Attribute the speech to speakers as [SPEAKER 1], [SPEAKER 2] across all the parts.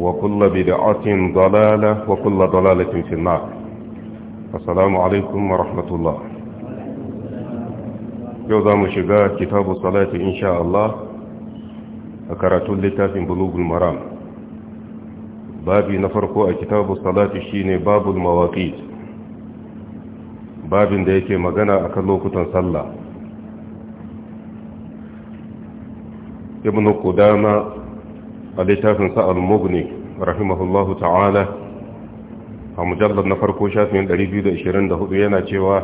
[SPEAKER 1] وكل بدعة ضلالة وكل ضلالة في النار السلام عليكم ورحمة الله يوضع مشباه كتاب الصلاة إن شاء الله أكرت لتاف بلوغ المرام بابي نفرق كتاب الصلاة شين باب المواقيت باب ديك مغنى أكلوك تنصلى ابن قدامة a littafin sa'al mugni rahimahullahu ta'ala a mujallar na farko shafin 224 yana cewa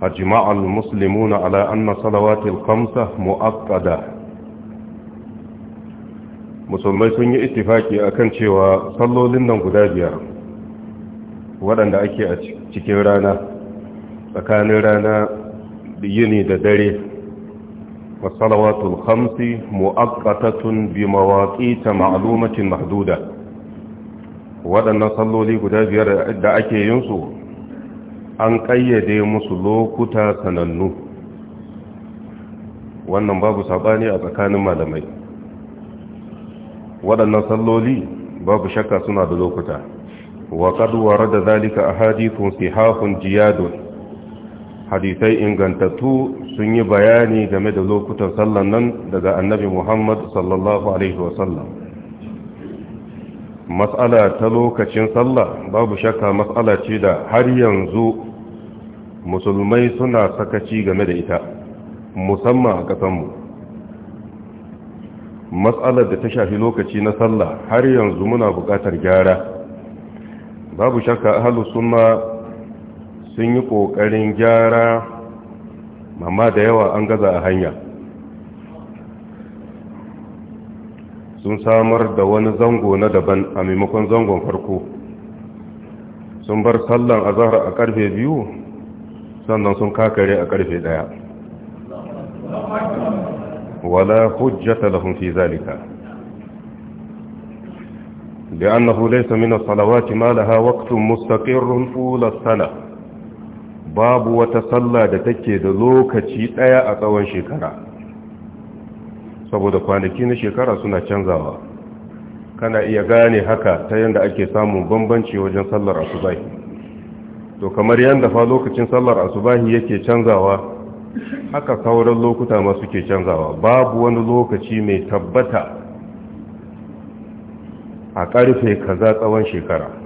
[SPEAKER 1] a jima'al na ala anna salawatil kamsa mu'akkada musulmai sun yi ittifaki kan cewa sallolin nan guda biyar waɗanda ake a cikin rana tsakanin rana yini da dare والصلوات الخمس مؤقتة بمواقيت معلومة محدودة waɗannan salloli guda biyar da ake yin su an ƙayyade musu lokuta sanannu wannan babu saɓani a tsakanin malamai waɗannan salloli babu shakka suna da lokuta wa ƙaduwar da zalika a hadithun sihafun jiyadun hadisai ingantattu sun yi bayani game da lokutan sallan nan daga annabi muhammad sallallahu alaihi wasallam matsala ta lokacin sallah babu shakka matsala ce da har yanzu musulmai suna sakaci game da ita musamman a ƙasanmu matsalar da ta shafi lokaci na sallah har yanzu muna buƙatar gyara babu shakka ahalus sunna sun yi ƙoƙarin gyara mamma da yawa an gaza a hanya sun samar da wani zango na daban a maimakon zangon farko sun bar sallan azahar a ƙarfe biyu sannan sun kakare a ƙarfe ɗaya. wala hujjata lahum fi zalika لأنه ليس من الصلوات ما لها وقت مستقر طول السنة babu wata sallah da take da lokaci ɗaya a tsawon shekara saboda kwanaki na shekara suna canzawa kana iya gane haka ta yadda ake samun bambanci wajen sallar asubahi to kamar yadda fa lokacin sallar asubahi yake canzawa haka sauran lokuta ma suke canzawa babu wani lokaci mai tabbata a ƙarfe kaza tsawon shekara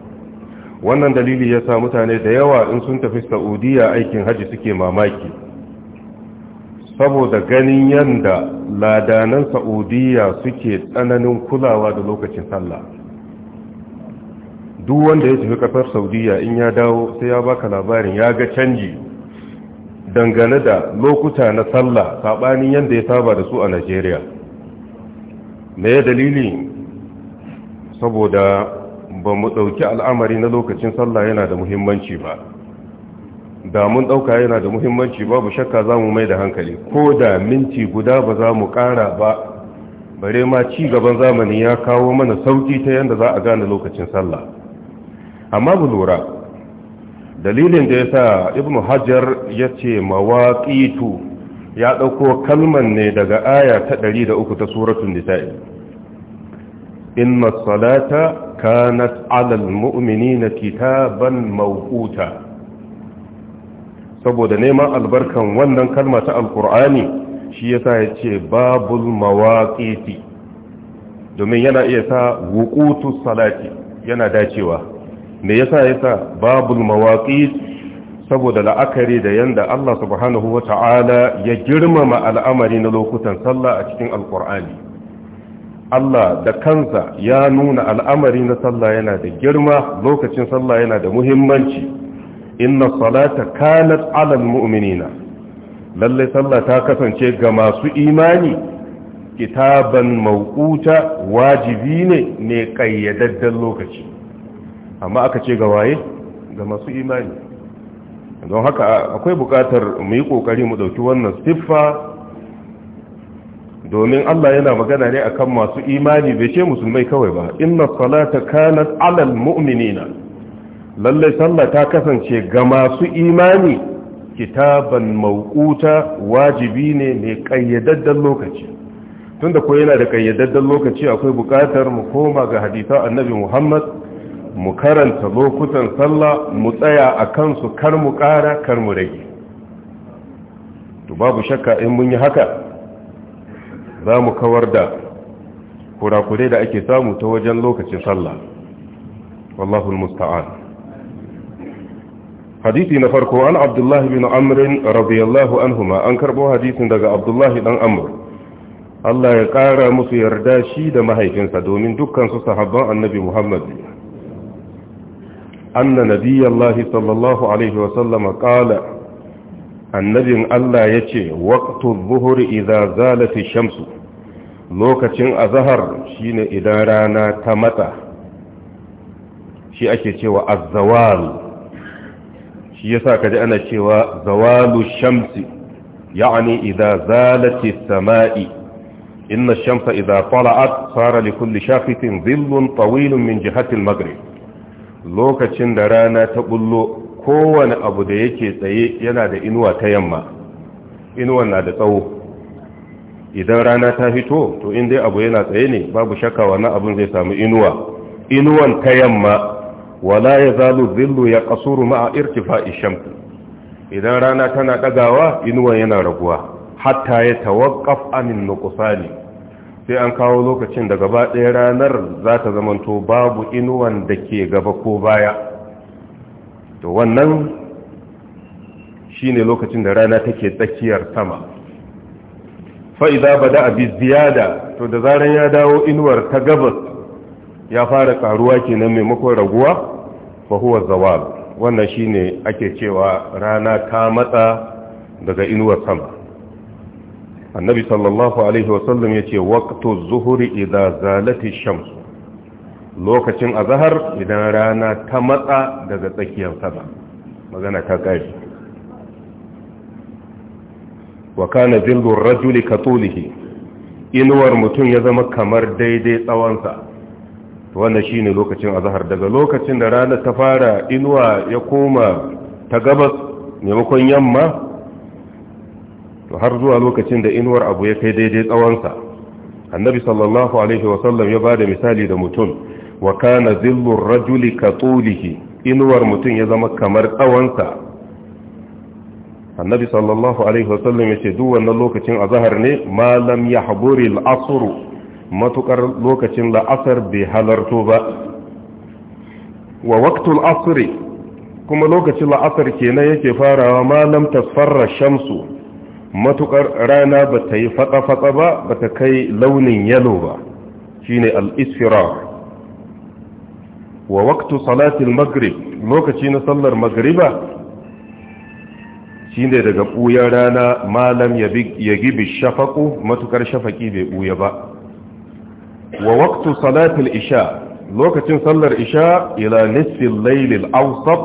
[SPEAKER 1] wannan dalili ya sa mutane da yawa in sun tafi saudiya aikin hajji suke mamaki saboda ganin yadda ladanan saudiya suke tsananin kulawa da lokacin sallah duk wanda ya tafi kasar saudiya in ya dawo sai ya baka labarin ya ga canji dangane da lokuta na sallah saɓanin yadda ya saba da su a najeriya me dalili saboda ba mu ɗauki al'amari na lokacin sallah yana da muhimmanci ba da mun ɗauka yana da muhimmanci babu shakka za mu mai da hankali ko da minti guda ba za mu ƙara ba bare ma ci gaban zamani ya kawo mana sauki ta yadda za a gane lokacin sallah amma bu lura dalilin da ya sa ibn hajjar ya ce mawaƙitu ya ɗauko kalman ne daga aya ta ɗari da uku ta suratun nisa'i inna salata kanat alal mu'minina kitaban mawquta saboda neman albarkan wannan kalma ta alkur'ani shi yasa yace babul mawaqiti domin yana iya sa wuqutus salati yana dacewa me yasa yasa babul mawaqit saboda la'akari da yanda Allah subhanahu ta'ala ya girmama al'amari na lokutan sallah a cikin alkur'ani Allah da kansa ya nuna al'amari na sallah yana da girma lokacin sallah yana da muhimmanci inna salata kanat alal mu'minina Lallai sallah ta kasance ga masu imani kitaban mawquta wajibi ne ne kayyadaddan lokaci amma aka ce ga waye ga masu imani don haka akwai buƙatar mu yi kokari mu dauki wannan siffa domin Allah yana magana ne akan masu imani bai ce musulmai kawai ba inna salata kanat alal mu'minina lalle sallah ta kasance ga masu imani kitaban mawquta wajibi ne mai kayyadaddan lokaci tunda ko yana da kayyadaddan lokaci akwai bukatar mu koma ga hadisa annabi Muhammad mu karanta lokutan sallah mu tsaya akan su kar mu kara kar mu rage to babu shakka in mun yi haka za mu kawar da kurakurai da ake samu ta wajen lokacin sallah wallahu musta'an hadisi na farko an abdullahi bin amrin radiyallahu anhuma an karbo hadisin daga abdullahi dan amr Allah ya kara musu yarda shi da mahaifinsa domin dukkan su sahabban annabi Muhammad anna nabiyallahi sallallahu alaihi wa sallama qala annabin Allah ya ce waƙtun zuhur idan zalafi shamsu lokacin azahar shine idan rana ta matsa shi ake cewa azzawal shi yasa kaji ana cewa zawalu shamsi ya'ani idan zalati sama'i inna shamsa idan tala'at fara li kulli zillun tawilun min jihatil maghrib lokacin da rana ta bullo kowane abu da yake tsaye yana da inuwa ta yamma inuwan na da tsawo idan rana ta fito to in dai abu yana tsaye ne babu shakka wannan abun zai samu inuwa inuwan ta yamma wala ya zalu zillu ya kasuru ma'a irtifa'i shamsi idan rana tana dagawa inuwan yana raguwa hatta ya tawaqqaf amin nuqsani sai an kawo lokacin da gaba ɗaya ranar za ta zamanto babu inuwan da ke gaba ko baya to wannan shine lokacin da rana take tsakiyar sama fa'iza Bada da abi ziyada to da zaran ya dawo inuwar ta gabas ya fara karuwa kenan maimakon raguwa fa huwa zawal wannan shine ake cewa rana ta matsa daga inuwar sama annabi sallallahu alaihi wasallam yace waqtu zuhri idza zalati shams lokacin azahar idan rana ta matsa daga tsakiyar sama magana ta kai wa kana zillun rajuli katulihi inuwar mutum ya zama kamar daidai tsawonsa wannan shine lokacin azahar daga lokacin da rana ta fara inuwa ya koma ta gabas maimakon yamma to har zuwa lokacin da inuwar abu ya kai daidai tsawonsa annabi sallallahu alaihi wasallam ya ba da misali da mutum wa kana zillur rajuli ka tulihi inuwar mutum ya zama kamar tsawonsa annabi sallallahu alaihi wasallam ya ce duk wannan lokacin zahar ne malam ya haburi al'asru matukar lokacin la'asar bai halarto ba wa waqtul asri kuma lokacin la'asar kenan yake farawa malam tasfarra shamsu matukar rana ba ta yi fatsa-fatsa ba ba ta kai launin yalo ba shine al-isfirar wa waqtu salatil maghrib lokaci na sallar magriba shine daga buyan rana malam ya gibi shafaqu matukar shafaƙi bai buya ba wa waqtu salatil isha lokacin sallar isha ila nisfil laylil awsat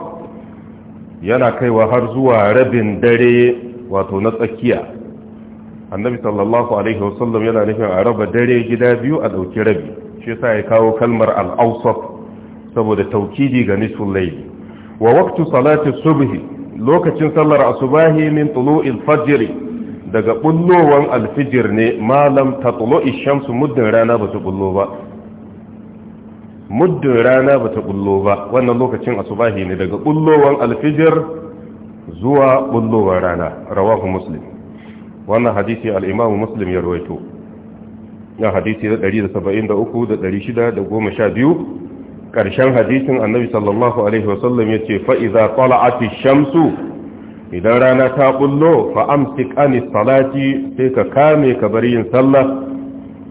[SPEAKER 1] yana kaiwa har zuwa rabin dare wato na tsakiya annabi sallallahu alaihi wasallam yana nufin a raba dare gida biyu a dauki rabi shi sa ya kawo kalmar al-awsat saboda taukidi ga nisful layli wa waqtu salati subhi lokacin sallar asubahi min tulu'il fajr daga bullowan alfijir ne malam ta tatlu'i shamsu muddin rana bata bullo ba muddin rana bata bullo ba wannan lokacin asubahi ne daga bullowan alfijir zuwa bullowar rana rawahu muslim wannan hadisi al-imamu muslim ya rawaito na hadisi 173 da 612 ƙarshen hadisin annabi sallallahu alaihi wasallam ya ce fa'iza tsala'ati shamsu idan rana ta bullo fa'amsik anis salati sai ka kame ka bari yin sallah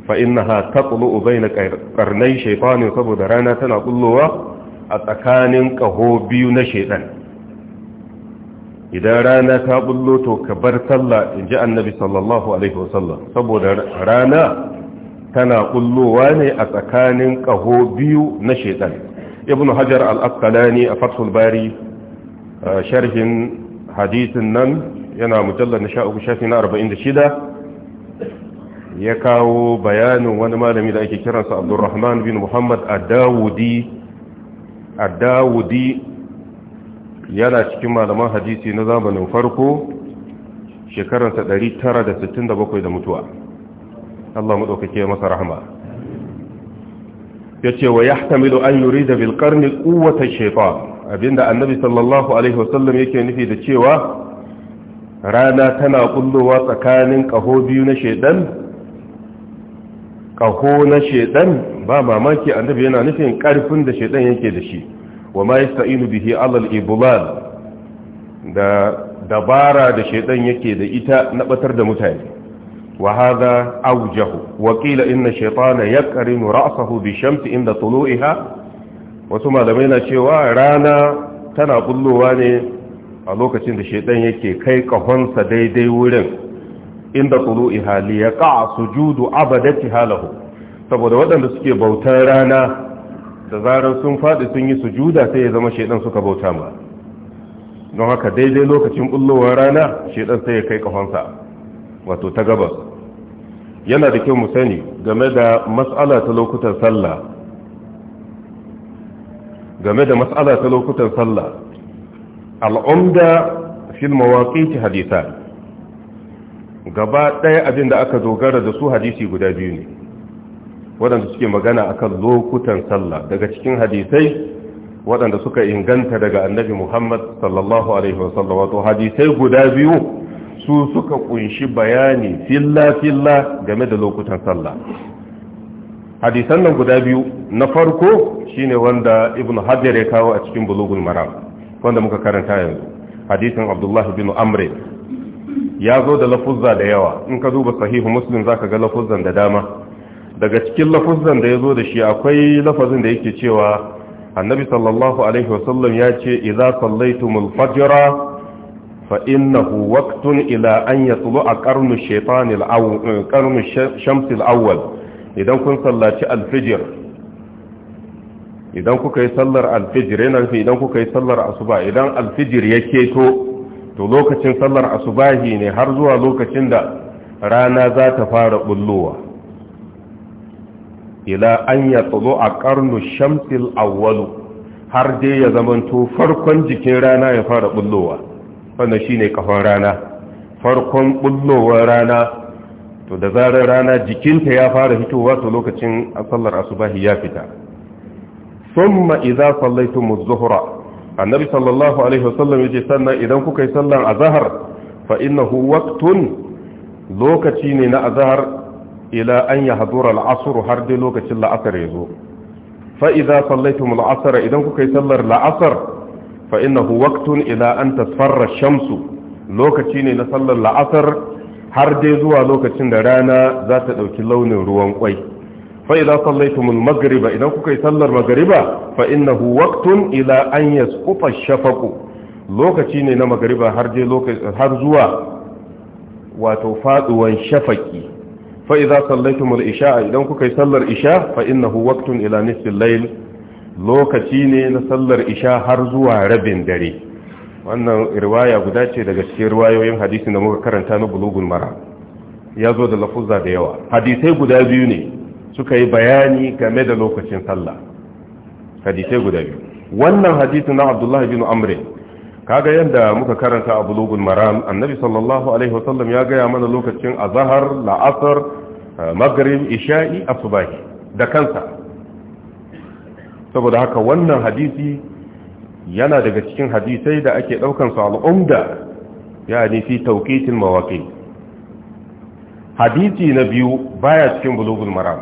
[SPEAKER 1] fa'in ha ta ƙulu ubai na ƙarnai shaifanin saboda rana tana ƙullowa a tsakanin ƙaho biyu na shaiɗan idan rana ta bullo to ka bar sallah in ji annabi sallallahu alaihi wasallam saboda rana tana kullowa ne a tsakanin ƙaho biyu na shaitan ibn hajar al-asqalani a fathul bari sharhin hadisin nan yana mujallar na sha'uku shafi na 46 ya kawo bayanin wani malami da ake kiransa abdurrahman bin muhammad adawudi adawudi yana cikin malaman hadisi na zamanin farko shekararsa 967 da mutuwa Allah madaukake masa rahama yace wa yahtamilu an da bil qarni ƙuwata shaytan abinda annabi sallallahu alaihi wasallam yake nufi da cewa rana tana kullowa tsakanin kaho biyu na shaytan kaho na shaytan ba mamaki annabi yana nufin karfin da shaytan yake da shi wa ma yasta'inu bihi alal al-iblal da dabara da shaidan yake da ita na batar da mutane وهذا أوجه وقيل إن الشيطان يقرن رأسه بالشمس عند طلوعها وثم لمينا شوى رانا تنا قلواني ألوكة عند الشيطان يكي كي قفنس دي دي ولن عند طلوعها ليقع سجود عبدتها له saboda waɗanda suke bautar rana da zarar sun faɗi sun yi sujuda sai ya zama shaidan suka bauta ma don haka daidai lokacin bullowar rana ɗan sai ya kai kahonsa wato ta gabas yana da kyau mu sani game da mas'ala ta lokutan sallah game da mas'ala ta lokutan sallah al'umda fil mawaqiti hadisa gaba ɗaya abin da aka dogara da su hadisi guda biyu ne waɗanda suke magana akan lokutan sallah daga cikin hadisai waɗanda suka inganta daga annabi Muhammad sallallahu alaihi wasallam wato hadisai guda biyu su suka kunshi bayani filla-filla game da lokutan sallah hadisan nan guda biyu na farko shine wanda ibnu hajjar ya kawo a cikin bulugul maram wanda muka karanta yanzu hadisin abdullahi bin amre ya zo da lafuzza da yawa in ka duba sahihu muslim zaka ga lafuzzan da dama daga cikin lafuzzan da ya zo da shi akwai lafazin da yake cewa annabi sallallahu alaihi wasallam ya ce idza sallaitumul fajra fa innahu waqtun ila an yatlu'a qarnu shaytan al-awwal awwal idan kun sallaci al idan kuka yi sallar al idan kuka yi sallar asuba idan al ya keto to lokacin sallar asubahi ne har zuwa lokacin da rana za ta fara bullowa ila an ya a karnu shamsil har dai ya zamanto farkon jikin rana ya fara bullowa wannan shine kafan rana farkon bullowar rana to da zarar rana jikinta ya fara fitowa to lokacin sallar asubahi ya fita summa idza sallaytum az-zuhra annabi sallallahu alaihi wasallam yace sannan idan kuka yi sallar azhar fa innahu waqtun lokaci ne na azhar ila an yahdura al-asr har dai lokacin la'asar yazo fa idza sallaytum al-asr idan kuka yi sallar la'asar fa innahu waqtun idza an tasfarra shamsu lokaci ne na sallar la'asar har dai zuwa lokacin da rana za ta ɗauki launin ruwan kwai fa idza sallaytum al magariba idan kuka yi sallar magariba fa innahu waqtun ila an yasquta shafaqu lokaci ne na magariba har zuwa wato faduwan shafaqi فإذا صليتم الإشاء إذا sallar isha الإشاء فإنه وقت ila نصف lail. lokaci ne na sallar isha har zuwa rabin dare wannan riwaya guda ce daga cikin riwayoyin hadisi da muka karanta na bulugun mara ya zo da lafuzza da yawa hadisai guda biyu ne suka yi bayani game da lokacin sallah hadisai guda biyu wannan hadisi na abdullah bin amr kaga yadda muka karanta a bulugun mara annabi sallallahu alaihi wasallam ya gaya mana lokacin azahar la'asar maghrib isha'i asubahi da kansa saboda haka wannan hadisi yana daga cikin hadisai da ake ɗaukansu su al'umda ya fi tawqitil mawaƙi, hadisi na biyu baya cikin bulugul maram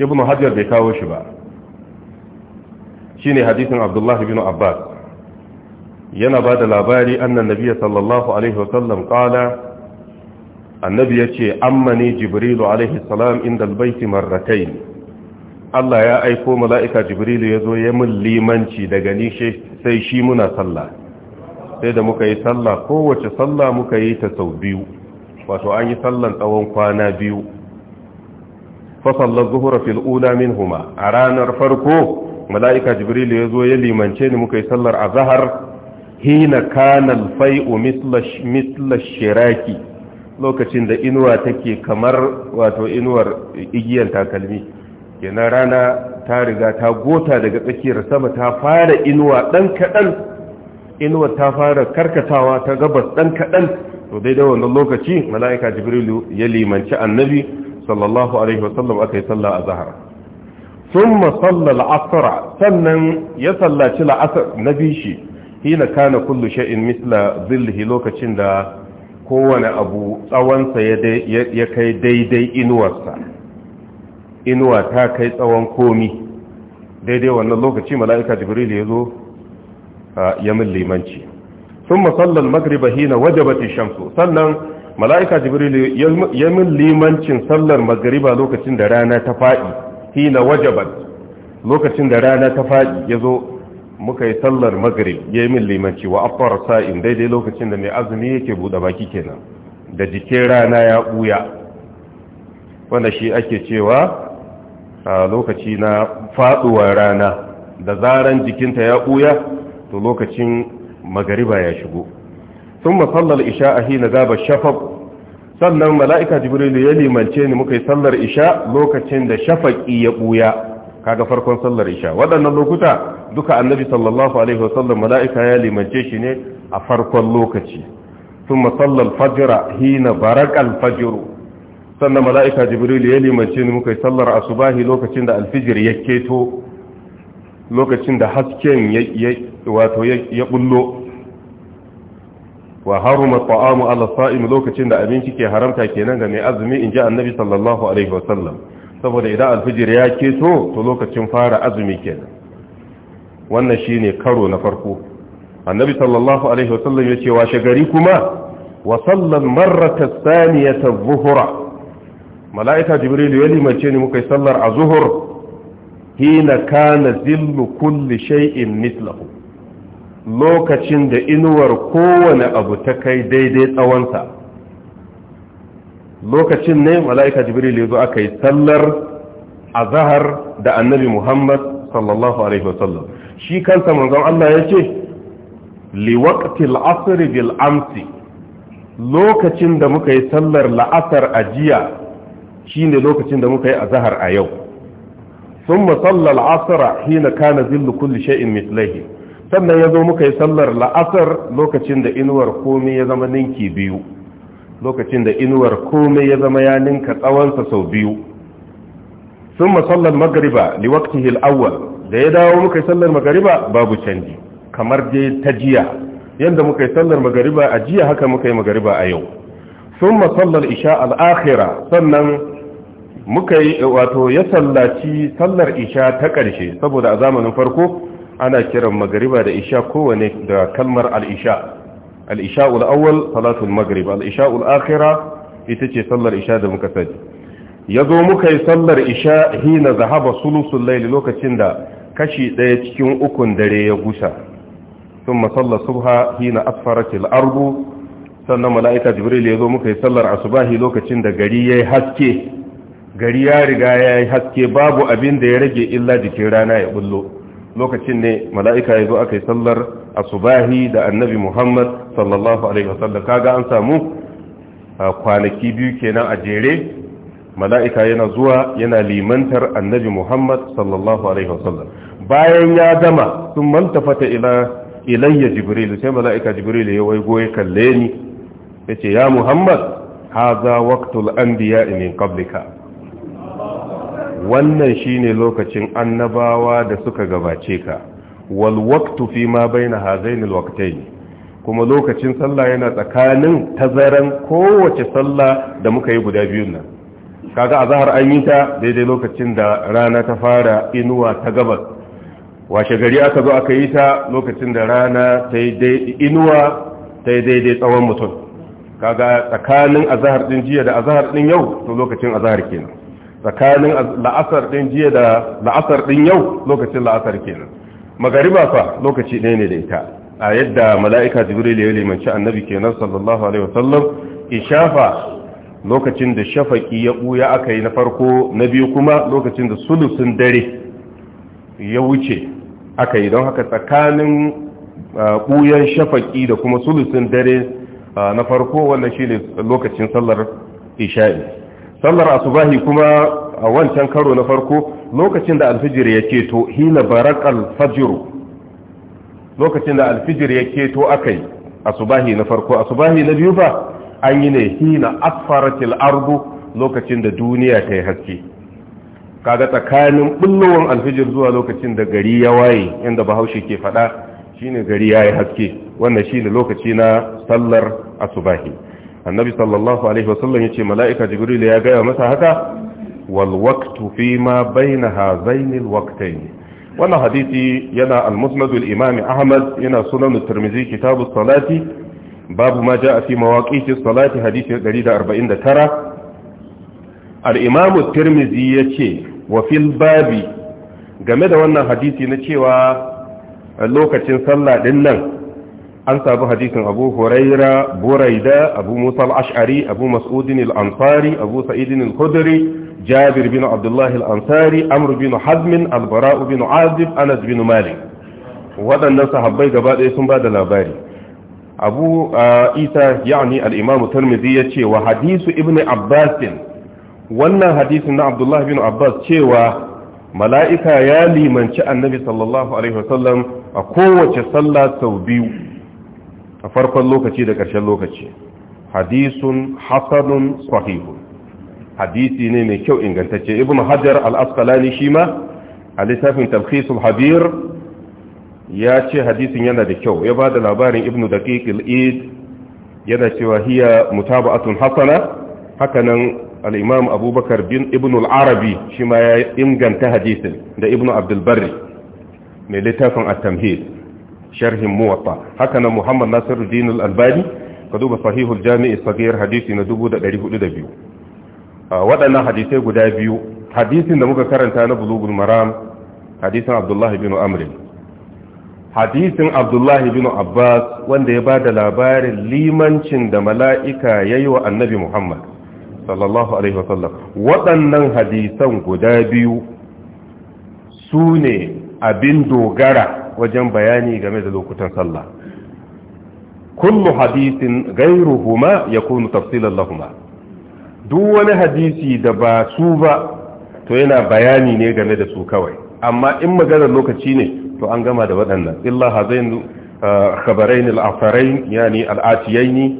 [SPEAKER 1] Ibn hajar bai kawo shi ba ne hadisin abdullah bin abbas yana ba da labari annan nabiya sallallahu alaihi wasallam kala annabi ya ce amma ne jibrilu alaihi salam inda albaiti ne. Allah ya aiko mala'ika Jibrilu ya zo ya mun limanci daga ni sai shi muna sallah sai da muka yi sallah kowace sallah muka yi ta sau biyu wato an yi sallan tsawon kwana biyu fasallar zuhura fil'ula min huma a ranar farko mala'ika Jibrilu ya zo ya limance ni muka yi sallar a zahar hina kanal fai'u misla shiraki lokacin da inuwa take kamar wato inuwar igiyar takalmi kenan rana ta riga ta gota daga tsakiyar sama ta fara inuwa ɗan kaɗan inuwa ta fara karkatawa ta gabas ɗan kaɗan to daidai wannan lokaci mala'ika jibrilu ya limanci annabi sallallahu alaihi wasallam aka yi sallah a zahar sun masallar asara sannan ya sallaci la'asar na shi hina kana kullu sha'in misla zillihi lokacin da kowane abu tsawonsa ya kai daidai inuwarsa inuwa ta kai tsawon komi daidai wannan lokaci mala'ika jibril ya zo ya min limanci sun musallar magriba hina wajabatin shamsu sannan mala'ika jibril ya min limancin sallar magriba lokacin da rana ta faɗi hina wajabat lokacin da rana ta faɗi ya zo muka yi sallar magrib ya yi min limanci wa afar sa'in daidai lokacin da mai azumi yake buɗe baki kenan da jikin rana ya ɓuya wanda shi ake cewa lokaci na faduwar rana da zaran jikinta ya buya to lokacin magariba ya shigo sun masallar isha a hina gaba shafaf sannan mala'ika jibrilu ya limance ni muka yi sallar isha lokacin da shafaƙi ya buya kaga farkon sallar isha waɗannan lokuta duka annabi sallallahu alaihi wasallam mala'ika ya limance shi ne a farkon lokaci sun masallar fajira hina barak alfajiru sannan mala'ika jibril ya limance ni muka yi sallar asubahi lokacin da alfijir ya keto lokacin da hasken wato ya bullo wa haruma ta'amu ala sa'im lokacin da abinci ke haramta kenan ga mai azumi in ji annabi sallallahu alaihi wasallam saboda idan alfijir ya keto to lokacin fara azumi kenan wannan shine karo na farko annabi sallallahu alaihi wasallam ya ce washe gari kuma wa sallan marrata thaniyata dhuhra mala'ika jibrilu ya limance ni muka yi sallar a zuhur hina kana zillu kulli shay'in mislahu lokacin da inuwar kowane abu ta kai daidai tsawonsa lokacin ne mala'ika jibril ya zo aka yi sallar zahar da annabi muhammad sallallahu alaihi wasallam shi kansa manzon Allah ya ce liwaktil asiri bil amsi lokacin da muka yi sallar la'asar ajiya Shi ne lokacin da muka yi a zahar a yau Sun masallar al-asr hina kana zillu kulli shay'in mithlihi sannan yazo muka yi sallar la'asar lokacin da inuwar komai ya zama ninki biyu lokacin da inuwar komai ya zama ya ninka tsawonsa sau biyu thumma salla magariba. li waqtihi al-awwal da ya dawo muka yi sallar magariba, babu canji kamar dai ta jiya Yadda muka yi sallar magariba a jiya haka muka yi magariba a yau Sun masallar isha الآخرة sannan muka yi wato ya sallaci sallar isha ta ƙarshe saboda a zamanin farko ana kiran magariba da isha kowane da kalmar al'isha al'isha al-isha al-awwal salatul akhira ita ce sallar isha da muka sani yazo muka yi sallar isha hina zahaba sulusul laili lokacin da kashi ɗaya cikin ukun dare ya gusa thumma salla subha hina asfaratil ardu sannan mala'ika jibril yazo muka yi sallar asubahi lokacin da gari yayi haske gari ya riga ya yi haske babu abin da ya rage illa jikin rana ya bullo lokacin ne mala'ika ya zo aka yi sallar asubahi da annabi muhammad sallallahu alaihi wasallam kaga an samu kwanaki biyu kenan a jere mala'ika yana zuwa yana limantar annabi muhammad sallallahu alaihi wasallam bayan ya zama sun mantafata ilayya jibril sai mala'ika jibril ya waigo ya kalle ni ya ce ya muhammad haza waqtul anbiya min qablika wannan shine lokacin annabawa da suka gabace ka wal waqtu fi ma baina hazaini ne waqtayn kuma lokacin sallah yana tsakanin tazaran kowace sallah da muka yi guda biyun nan kaga azhar an yi ta daidai lokacin da rana ta fara inuwa ta gabas washe gari aka zo aka yi ta lokacin da rana ta yi inuwa ta yi daidai tsawon mutum kaga tsakanin azahar ɗin jiya da azahar ɗin yau to lokacin azahar kenan tsakanin la'asar ɗin jiya da la'asar ɗin yau lokacin la'asar kenan magariba fa lokaci ɗaya ne da ita a yadda mala'ika jibril ya limanci annabi kenan sallallahu alaihi wasallam ishafa lokacin da shafaki ya buya aka yi na farko na biyu kuma lokacin da sulusun dare ya wuce aka yi don haka tsakanin buyan shafaki da kuma sulusun dare na farko wannan shi ne lokacin sallar isha'i sallar asubahi kuma a wancan karo na farko lokacin da alfijir ya keto hina barakal fajiru lokacin da alfijir ya keto akai asubahi na farko asubahi na biyu ba an yi ne hina asfaratil ardu lokacin da duniya ta yi haske kaga tsakanin bullowar alfijir zuwa lokacin da gari ya waye inda bahaushe ke faɗa shine gari ya yi haske wannan shine lokaci na sallar asubahi annabi sallallahu alaihi wasallam yace mala'ika jibril ya gaya masa haka wal waqtu fi ma baina waqtayn wannan hadisi yana al-musnad al-imam ahmad yana sunan at-tirmidhi kitab as-salati babu ma jaa fi mawaqiti as-salati hadisi 149 al-imam at-tirmidhi yace wa fil babi game da wannan hadisi na cewa lokacin sallah din nan an sabu hadisin abu huraira buraida abu musa al-ash'ari abu mas'udin al-ansari abu sa'idin al-khudri jabir bin abdullah al-ansari amr bin hazm al-bara bin azib anas bin malik waɗannan sahabbai gaba ɗaya sun ba da labari abu isa yani al-imam tirmidhi yace wa hadisu ibn abbas wannan hadisin na abdullah bin abbas cewa mala'ika ya limanci annabi sallallahu alaihi wasallam a kowace sallah sau biyu a farkon lokaci da ƙarshen lokaci hadisun hasanun sahihun hadisi ne mai kyau ingantacce ibn hajar al-asqalani shi ma a littafin talkhisul habir ya ce hadisin yana da kyau ya ba da labarin ibn daqiq al-id yana cewa hiya mutaba'atun hasana hakanan al-imam abubakar bin ibn al-arabi shi ma ya inganta hadisin da ibn abdul barri mai littafin at-tamhid sharhin muwatta haka nan muhammad Nasiru, al-albani ka duba sahihul jami'i sagir hadisi na 1402 waɗannan hadisai guda biyu hadisin da muka karanta na bulugul maram hadisin abdullahi bin amr hadisin abdullahi bin abbas wanda ya ba da labarin limancin da mala'ika ya yi wa annabi muhammad sallallahu alaihi wasallam waɗannan hadisan guda biyu su ne abin dogara wajen bayani game da lokutan sallah kullu hadisin gairuhuma yakunu tafsilan lahuma duk wani hadisi da ba su ba to yana bayani ne game da su kawai amma in maganar lokaci ne to an gama da waɗannan illa hazain uh, khabarain al-afarain yani al atiyain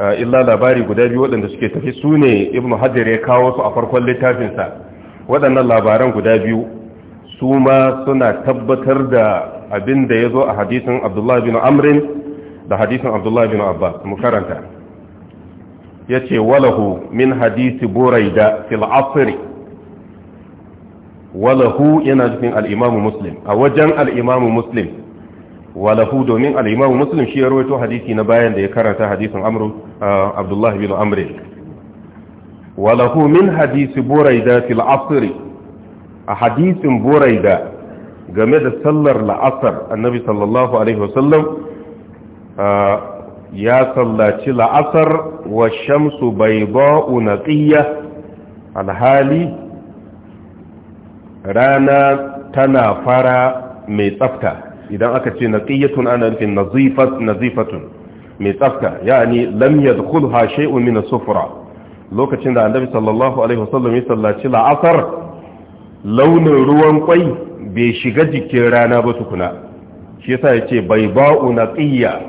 [SPEAKER 1] uh, illa labari guda biyu waɗanda suke tafi sune ne ibnu hajar ya kawo su a farkon littafinsa waɗannan labaran guda biyu su ma suna tabbatar da Abin da ya zo a hadisin abdullahi bin amrin da hadisin abdullahi bin abbas mu karanta ya ce walahu min hadisi burai da asiri walahu yana cikin al'imamu muslim a wajen al'imamu muslim walahu domin al'imamu muslim shi ya rawaito hadisi na bayan da ya karanta hadisin uh, abdullahi bin amrin walahu min hadisi burai da asiri a hadisin burai da. game da sallar la'asar annabi sallallahu alaihi wasallam ya sallaci la'asar wa shamsu bai ba'u naqiyya alhali rana tana fara mai tsafta idan aka ce na ana nufin nazifatun mai tsafta yani lam yadkhulha shay'un min as-sufra lokacin da annabi sallallahu alaihi wasallam ya sallaci la'asar launin ruwan kwai bai shiga jikin rana ba tukuna shi yasa yace ba'u naqiya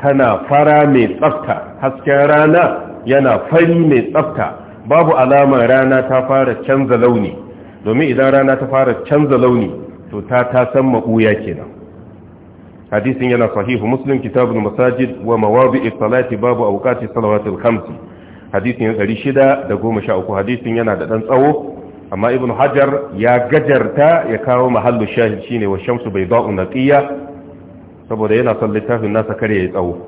[SPEAKER 1] tana fara mai tsafta hasken rana yana fari mai tsafta babu alamar rana ta fara canza launi domin idan rana ta fara canza launi to ta ta san mabuya kenan hadisin yana sahihu muslim kitabul masajid wa mawadi'i salati babu awqati salawatil khamsi hadisin 613 hadisin yana da dan tsawo amma ibn hajar ya gajarta ya kawo mahallu shahid shine wa shamsu bai za'u naqiya saboda yana son littafin nasa kare ya tsawo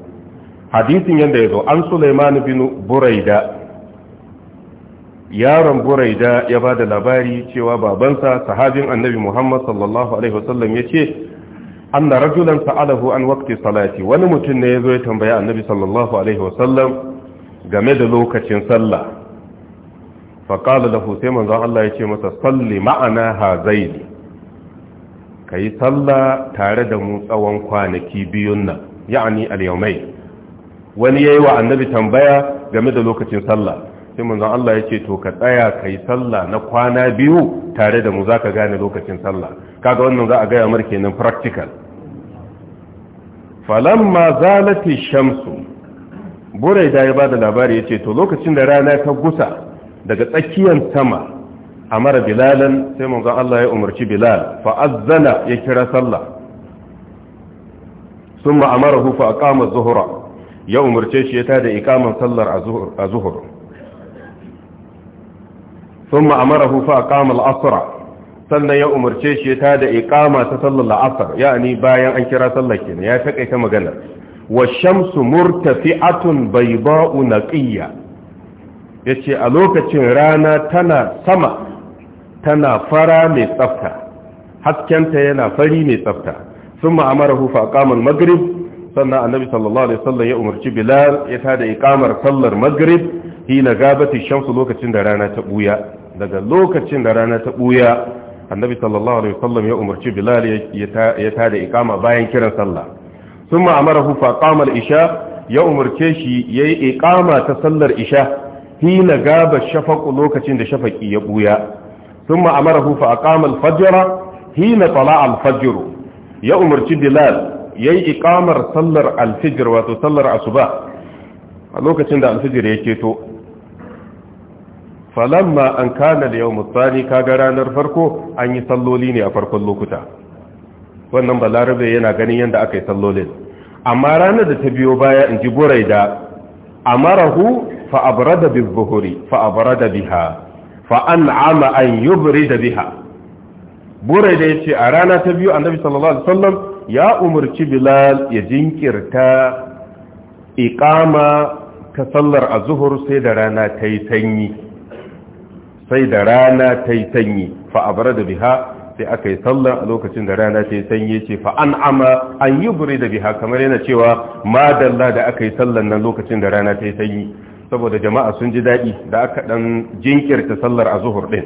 [SPEAKER 1] hadisin yanda yazo an Sulaiman bin Buraida yaron Buraida ya bada labari cewa babansa sahabin Annabi Muhammad sallallahu alaihi wasallam yace anna rajulan sa'alahu an waqti salati wani mutum ne ya zo ya tambaya Annabi sallallahu alaihi wasallam game da lokacin sallah faƙala da sai manzon Allah ya ce masa salli ma'ana hazaini ka yi sallah tare da mu tsawon kwanaki biyun nan ya'ani al-yaumai wani yayi wa annabi tambaya game da lokacin sallah sai manzon Allah ya ce to ka tsaya ka yi sallah na kwana biyu tare da mu za ka gane lokacin sallah kaga wannan za a gaya mar kenan practical falamma zalati shamsu burai da ya ba da labari ya ce to lokacin da rana ta gusa daga tsakiyar sama a mara bilalan sai manzo Allah ya umarci bilal fa azzana ya kira sallah sun a mara fa a az-zuhra ya umarce shi ya tada iqaman sallar sun zuhr a mara fa a al-asr sannan ya umarce shi ya tada ikama ta sallar al-asr yani bayan an kira sallar kenan ya takaita magana wa shamsu murtafi'atun bayda'u naqiyya ya ce a lokacin rana tana sama tana fara mai tsafta haskenta yana fari mai tsafta sun ma'amara hufa a kamar magrib sannan annabi sallallahu alaihi sallam ya umarci bilal ya tada ikamar sallar magrib na gabati shamsu lokacin da rana ta buya daga lokacin da rana ta buya annabi sallallahu alaihi sallam ya umarci bilal ya tada ikama bayan kiran sallah sun ma'amara hufa a kamar isha ya umarce shi ya yi ikama ta sallar isha hina gaba shafaƙu lokacin da shafaƙi ya buya sun ma'amala hufa a al-fajr hina tala'a al ya umarci bilal yayi ikamar sallar alfijir wato sallar asuba a lokacin da alfijir fajr ya keto falamma an kana da yawon tsari kaga ranar farko an yi salloli ne a farkon lokuta wannan balarabe yana ganin yadda aka yi sallolin amma ranar da ta biyo baya in ji burai da hu. fa abrada bi zuhuri fa abrada biha fa an'ama an yubrida biha bure da yace a rana ta biyu annabi sallallahu alaihi wasallam ya umarci bilal ya jinkirta iƙama ta sallar azhur sai da rana ta yi sanyi sai da rana ta yi sanyi fa biha sai aka yi sallah a lokacin da rana ta yi sanyi ce fa an ama an yi da biha kamar yana cewa madalla da aka yi sallan nan lokacin da rana ta yi sanyi saboda jama'a sun ji daɗi da aka ɗan jinkirta sallar a zuhur ɗin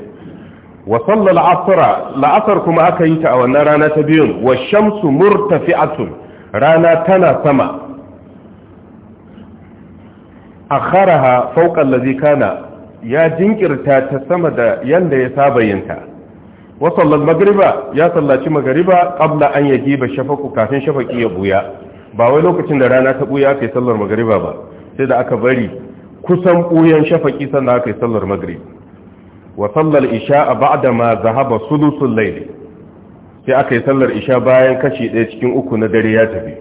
[SPEAKER 1] wa sallar asara la'asar kuma aka yi ta a wannan rana ta biyun wa shamsu murtafi'atun rana tana sama A fawqa allazi kana ya jinkirta ta sama da yanda ya saba yinta wa sallar magriba ya sallaci magriba ƙabla an giba shafaku kafin shafaƙi ya buya ba wai lokacin da rana ta buya yi sallar magriba ba sai da aka bari kusan buyan shafaƙi sannan aka yi sallar magrib wa sallar isha a ba'da ma zahaba sulusun laili sai aka yi sallar isha bayan kashi ɗaya cikin uku na dare ya tafi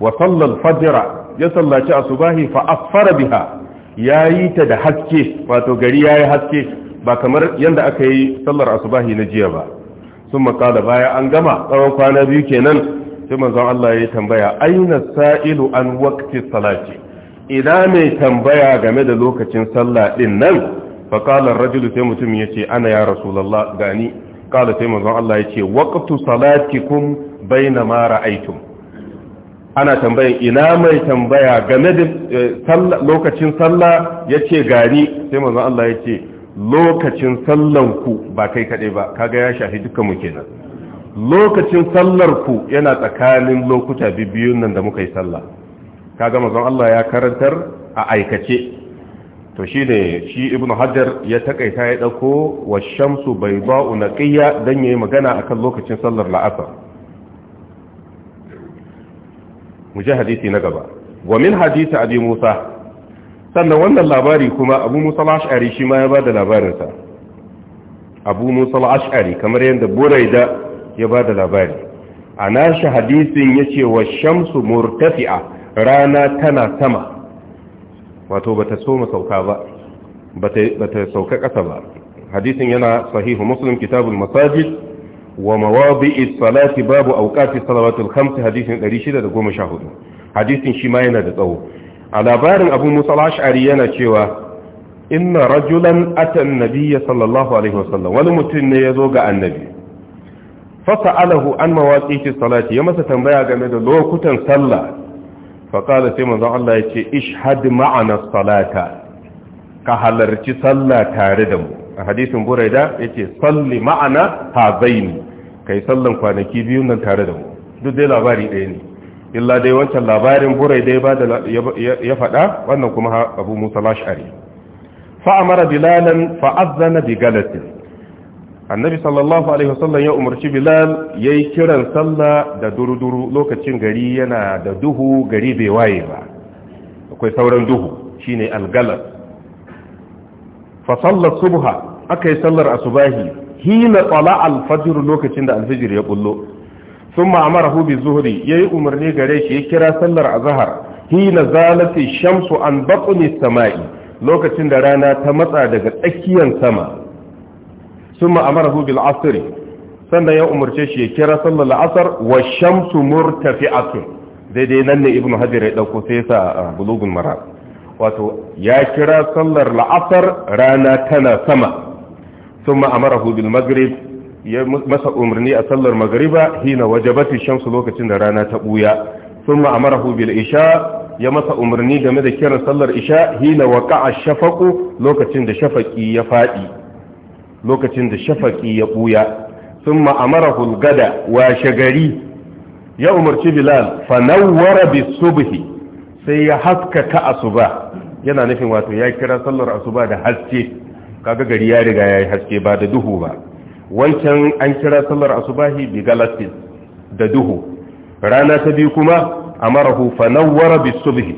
[SPEAKER 1] wa sallar fajira ya sallaci asubahi fa asfara biha ya yi ta da haske wato gari ya yi haske ba kamar yadda aka yi sallar asubahi na jiya ba sun makala baya an gama tsawon kwana biyu kenan sai manzon Allah ya yi tambaya aina sa'ilu an waqti salati ina mai tambaya game da lokacin sallah din nan fa qala ar-rajulu sai mutum yace ana ya rasulullah gani qala sai manzon Allah yace waqtu salatikum ma ra'aytum ana tambaya ina mai tambaya game da eh, lokacin sallah yace gani sai manzon Allah yace lokacin sallan ku ba kai kaɗai ba kaga ya shafi dukkan mu kenan lokacin sallar ku yana tsakanin lokuta biyu nan da muka yi sallah Ka kaga manzon Allah ya karantar a aikace to shi ne shi ibn hajar ya takaita ya dauko wa shamsu bai ba'u na ƙiyya don ya yi magana a kan lokacin sallar la'asar mu ji hadisi na gaba wa min hadisi abi musa sannan wannan labari kuma abu musa al-Ashari shi ma ya ba da labarinsa abu musa al-Ashari, kamar yadda buraida ya ba da labari a nashi hadisin ya ce wa shamsu murtafi'a rana tana sama wato ba bata soma sauka ba bata sauka ƙasa ba hadisin yana sahihu muslim kitabul masajid wa mawadi'is salati babu awqati salawatul khams hadisin 614 hadisin shi ma yana da tsawo a labarin abu musa al-ash'ari yana cewa inna rajulan ata an-nabiyya sallallahu alaihi wasallam wani mutum ne yazo ga annabi fasa'alahu an mawaqitis salati ya masa tambaya game da lokutan sallah faƙala sai manzan Allah ya ce ishhad ma'ana salata ka halarci sallah tare da mu a hadisin buraida ya ce salli ma'ana hazaini kai sallan kwanaki biyu nan tare da mu duk dai labari ɗaya ne illa dai wancan labarin buraida ya faɗa wannan kuma abu musa lashari fa'amara bilalan fa'azzana bi galatin annabi sallallahu alaihi wasallam ya umarci bilal ya yi kiran sallah da duruduru lokacin gari yana da duhu gari bai waye ba akwai sauran duhu shine algalar fa sallar subha aka yi sallar asubahi hina tsala alfajir lokacin da alfajir ya bullo sun ma'amara hubi zuhri ya yi umarni gare shi ya kira sallar azahar hina zalati shamsu an baƙuni sama'i lokacin da rana ta matsa daga tsakiyar sama ثم أمره بالعصر سنة يا أمر تشي كرا صلى العصر والشمس مرتفعة دي دي نن ابن حجر لو كسيسا بلوغ المرأة واتو يا كرا صلى العصر رانا تنا سما ثم أمره بالمغرب ya masa umarni a sallar magariba hina wajabati shamsu lokacin da rana ta buya thumma isha ya masa umarni game da kiran sallar isha hina a shafaku lokacin da shafaki ya fadi lokacin da shafaƙi ya ɓuya sun ma'amara hulgada washe gari ya umarci bilal fanawwara bi subhi sai ya haskaka asuba yana nufin wato ya kira sallar asuba da haske kaga gari ya riga ya yi haske ba da duhu ba wancan an kira sallar asubahi bi galatin da duhu rana ta biyu kuma amarahu fanawwara bi subhi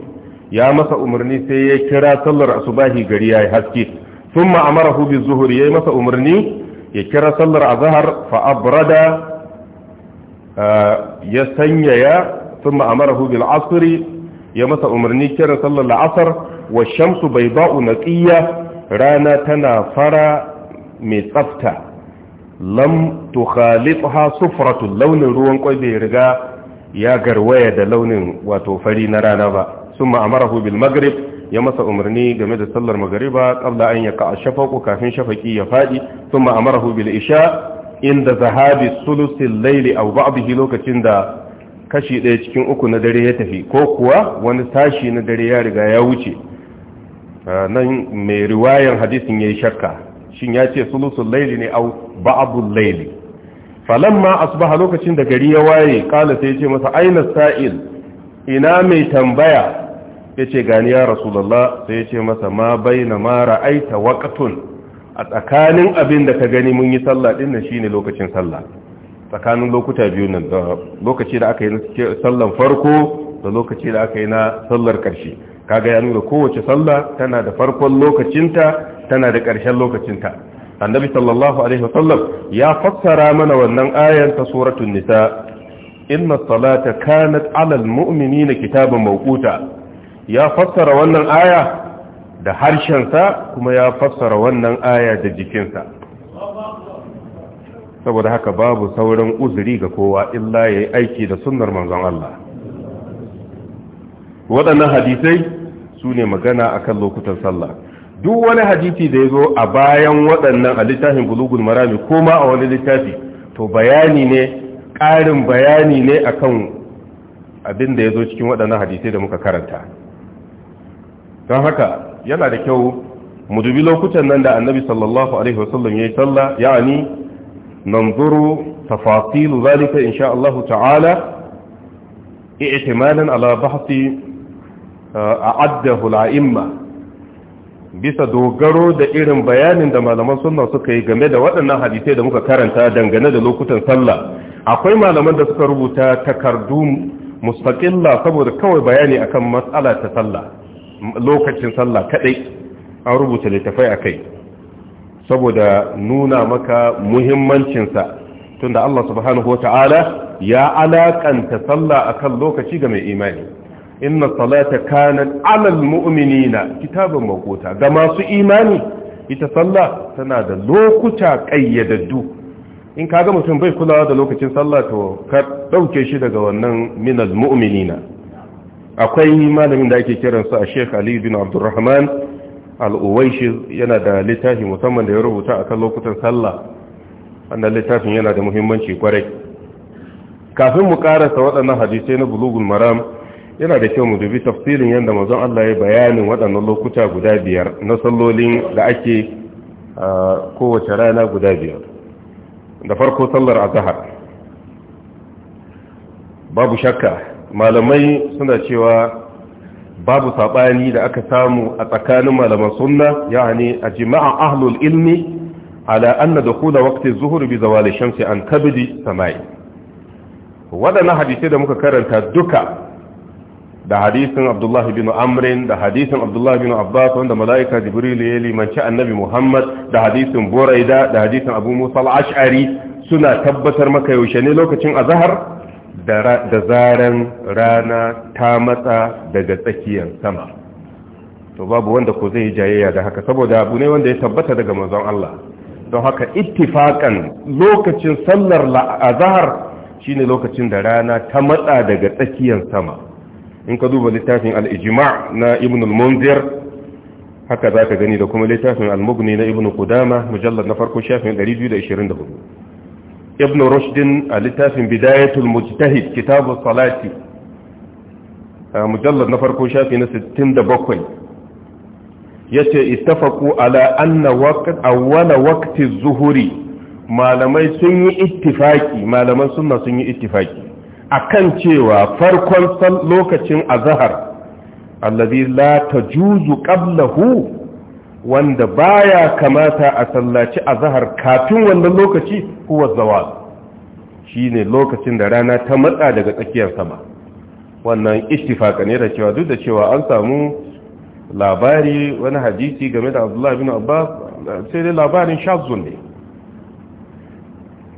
[SPEAKER 1] ya masa umarni sai ya kira sallar asubahi gari ya yi haske thumma amarahu bi zuhri yayi masa umarni ya kira sallar azhar fa abrada eh, ya sanyaya thumma amarahu bil asri ya masa umarni kira sallar al'asr wa shamsu bai bayda'u naqiya rana tana fara mai tsafta lam tukhalifha sufratu launin ruwan kwai bai riga ya garwaya da launin wato fari na rana ba sun ma'amarahu bil maghrib ya masa umarni game da sallar magariba kabla an ya yaka shafaqu kafin shafaqi ya fadi thumma amarahu bil isha inda zahabi sulusil layli aw ba'dhi lokacin da kashi ɗaya cikin uku na dare ya tafi ko kuwa wani tashi na dare ya riga ya wuce ah, nan mai riwayan hadisin yayi shakka shin ya ce sulusul layli ne aw ba'dul layli falamma asbaha lokacin da gari ya waye kala sai ya ce masa aina sa'il ina mai tambaya ya ce gani ya rasulallah sai ya ce masa ma bai na mara aita waƙatun a tsakanin abin da ka gani mun yi sallah ɗin nan shine lokacin sallah tsakanin lokuta biyu nan da lokaci da aka yi na sallan farko da lokaci da aka yi na sallar ƙarshe kaga ya nuna kowace sallah tana da farkon lokacinta tana da ƙarshen lokacinta annabi sallallahu alaihi wa sallam ya fassara mana wannan ayan ta suratul nisa inna salata kanat alal mu'minina kitaban mawquta ya fassara wannan aya da harshen sa kuma ya fassara wannan aya da jikinsa saboda haka babu saurin uzuri ga kowa illa ya yi aiki da sunnar manzon Allah waɗannan hadisai su ne magana a kan lokutan sallah duk wani hadisi da ya zo a bayan waɗannan a littafin bulugun marami ko ma a wani littafi to bayani ne ƙarin bayani ne akan abin da ya zo cikin waɗannan hadisai da muka karanta don haka yana da kyau mu dubi lokutan nan da annabi sallallahu alaihi wasallam yayi sallah yani nanzuru tafasil zalika insha Allah ta'ala i'timalan ala bahsi a al bisa dogaro da irin bayanin da malaman sunna suka yi game da waɗannan hadisai da muka karanta dangane da lokutan sallah akwai malaman da suka rubuta takardu mustaqilla saboda kawai bayani akan mas'ala ta sallah lokacin sallah kadai an rubuta littafai a kai saboda nuna maka muhimmancinsa tunda Allah subhanahu wa ta'ala ya alaƙanta sallah akan lokaci ga mai imani inna salata kanat alal mu'minina kitabun mawquta ga masu imani ita sallah tana da lokuta ƙayyadaddu in kaga mutum bai kulawa da lokacin sallah to ka ɗauke shi daga wannan minal mu'minina akwai malamin da ake kiransa a sheikh ali bin abdurrahman al'uwaishi yana da littafi musamman da ya rubuta a kan lokutan sallah wannan littafin yana da muhimmanci kwarai kafin mu karasa waɗannan hadisai na bulugun maram yana da kyau mu dubi tafsirin yadda mazan Allah ya bayanin waɗannan lokuta guda biyar na sallolin da ake kowace rana guda biyar da farko sallar azahar babu shakka malamai suna cewa babu saɓani da aka samu a tsakanin malaman sunna ya ne a jima'a ahlul ilmi ala anna da kula wakti zuhur bi zawali shamsi an kabidi samai waɗannan hadisai da muka karanta duka da hadisin abdullahi bin amrin da hadisin abdullahi bin abbas wanda mala'ika jibril ya limanci annabi muhammad da hadisin buraida da hadisin abu musa al-ash'ari suna tabbatar maka yaushe ne lokacin azhar da zaren rana ta matsa daga tsakiyar sama to babu wanda ko zai jayayya da haka saboda abu ne wanda ya tabbata daga manzon Allah don haka ittifakan lokacin sallar azhar shine lokacin da rana ta matsa daga tsakiyar sama in ka duba littafin al-ijma' na ibn al-munzir haka zaka gani da kuma littafin al-mughni na ibn qudama mujallad na farko shafin 224 ibn rushdin a littafin bidayatul mujtahid kitabu salati a mujallar na farko shafi na 67 yace ittafaqu ala anna waqt awwala waqti zuhuri malamai sun yi ittifaki malaman sunna sun yi A kan cewa farkon lokacin azhar allazi la tajuzu qablahu wanda baya kamata a sallaci zahar kafin wannan lokaci huwa zawal shine lokacin da rana ta matsa daga tsakiyar sama wannan istifaka ne da cewa duk da cewa an samu labari wani hadisi game da Abdullah bin Abbas sai dai labarin shazun ne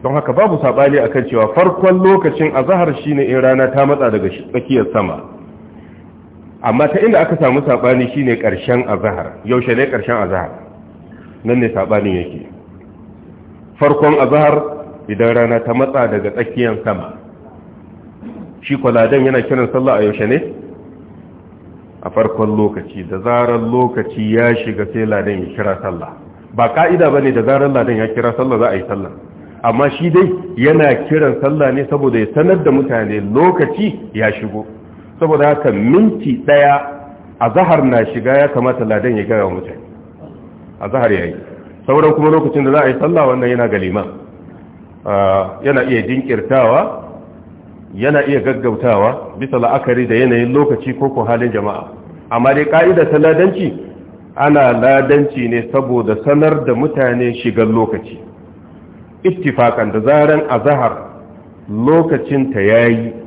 [SPEAKER 1] don haka babu sabani akan cewa farkon lokacin shi shine in rana ta matsa daga tsakiyar sama amma ta inda aka samu sabani shine karshen azhar yaushe ne karshen azhar nan ne sabanin yake farkon azhar idan rana ta matsa daga tsakiyar sama shi kwaladan yana kiran sallah a yaushe ne a farkon lokaci da zarar lokaci ya shiga sai ladan ya kira sallah ba ka'ida bane da zarar ladan ya kira sallah za a yi sallah amma shi dai yana kiran sallah ne saboda ya sanar da mutane lokaci ya shigo saboda haka minti daya a zahar na shiga ya kamata ladan ya gaya mutane a zahar yayi sauran kuma lokacin da za a yi sallah wannan yana galima yana iya jinkirtawa yana iya gaggautawa bisa la'akari da yanayin lokaci ko ko halin jama'a amma dai ka'ida ta ladanci ana ladanci ne saboda sanar da mutane shigar lokaci ittifakan da zaran azhar lokacin ta yayi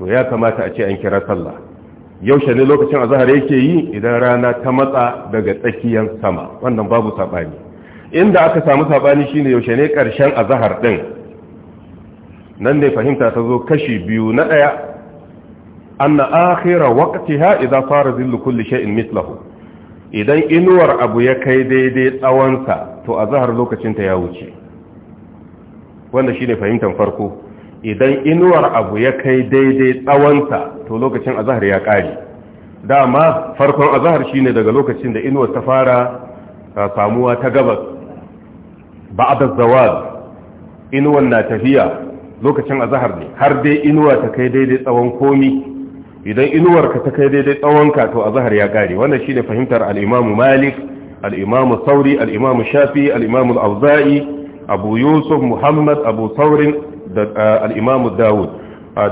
[SPEAKER 1] to ya kamata a ce an kira sallah yaushe ne lokacin azhar yake yi idan rana ta matsa daga tsakiyar sama wannan babu sabani inda aka samu sabani shine yaushe ne karshen azhar din nan ne fahimta ta zo kashi biyu na daya anna akhira waqtaha idha fara zillu kulli shay'in mithluhu idan inuwar abu ya kai daidai tsawonsa to azhar lokacin ta ya wuce wanda shine fahimtar farko idan inuwar abu ya kai daidai tsawonsa to lokacin azahar ya ƙare dama farkon azahar shine daga lokacin da inuwar ta fara ta ah, samuwa ta gabas a zawal inuwar na tafiya lokacin azahar ne har dai inuwa ta kai daidai tsawon komi idan inuwar ka ta kai daidai tsawonka to azahar ya ƙare wannan shi ne fahimtar al'imamu Malik al'imamu Sauri al'imamu Shafi al'imamu al’auza’i auzai Abu Yusuf Muhammad Abu Saurin da al'imamu dawud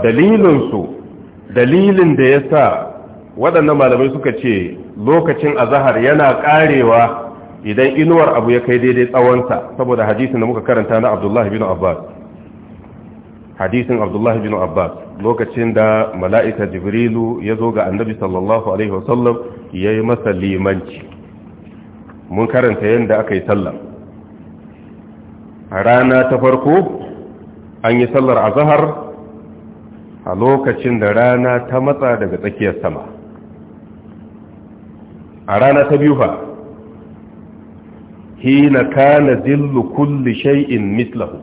[SPEAKER 1] dalilinsu dalilin da ya sa waɗannan malamai suka ce lokacin azahar yana ƙarewa idan inuwar abu ya kai daidai tsawonsa saboda hadisin da muka karanta na abdullahi bin abbas hadisin abdullahi bin abbas lokacin da mala'ika jibrilu ya zo ga annabi sallallahu alaihi wasallam ya yi masa limanci mun karanta yadda aka yi a rana ta farko an yi sallar azahar a lokacin da rana ta matsa daga tsakiyar sama a rana ta biyu fa hina kana zillu kulli shay'in mislahu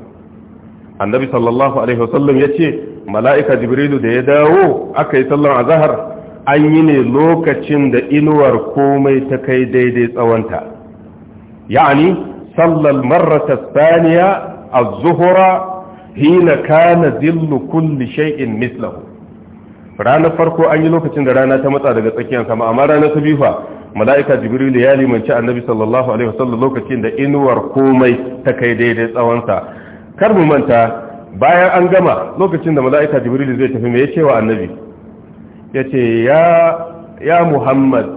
[SPEAKER 1] annabi sallallahu alaihi wasallam yace mala'ika jibrilu da ya dawo aka yi sallar azahar an yi ne lokacin da inuwar komai ta kai daidai tsawonta ya'ani sallal marrata thaniya az-zuhra hina kana zillu kulli shay'in mislahu ranar farko an yi lokacin da rana ta matsa daga tsakiyar sama amma ranar ta biyu fa mala'ika jibril ya limanci annabi sallallahu alaihi wasallam lokacin da inuwar komai ta kai daidai tsawon sa kar mu manta bayan an gama lokacin da mala'ika jibril zai tafi mai cewa annabi yace ya ya muhammad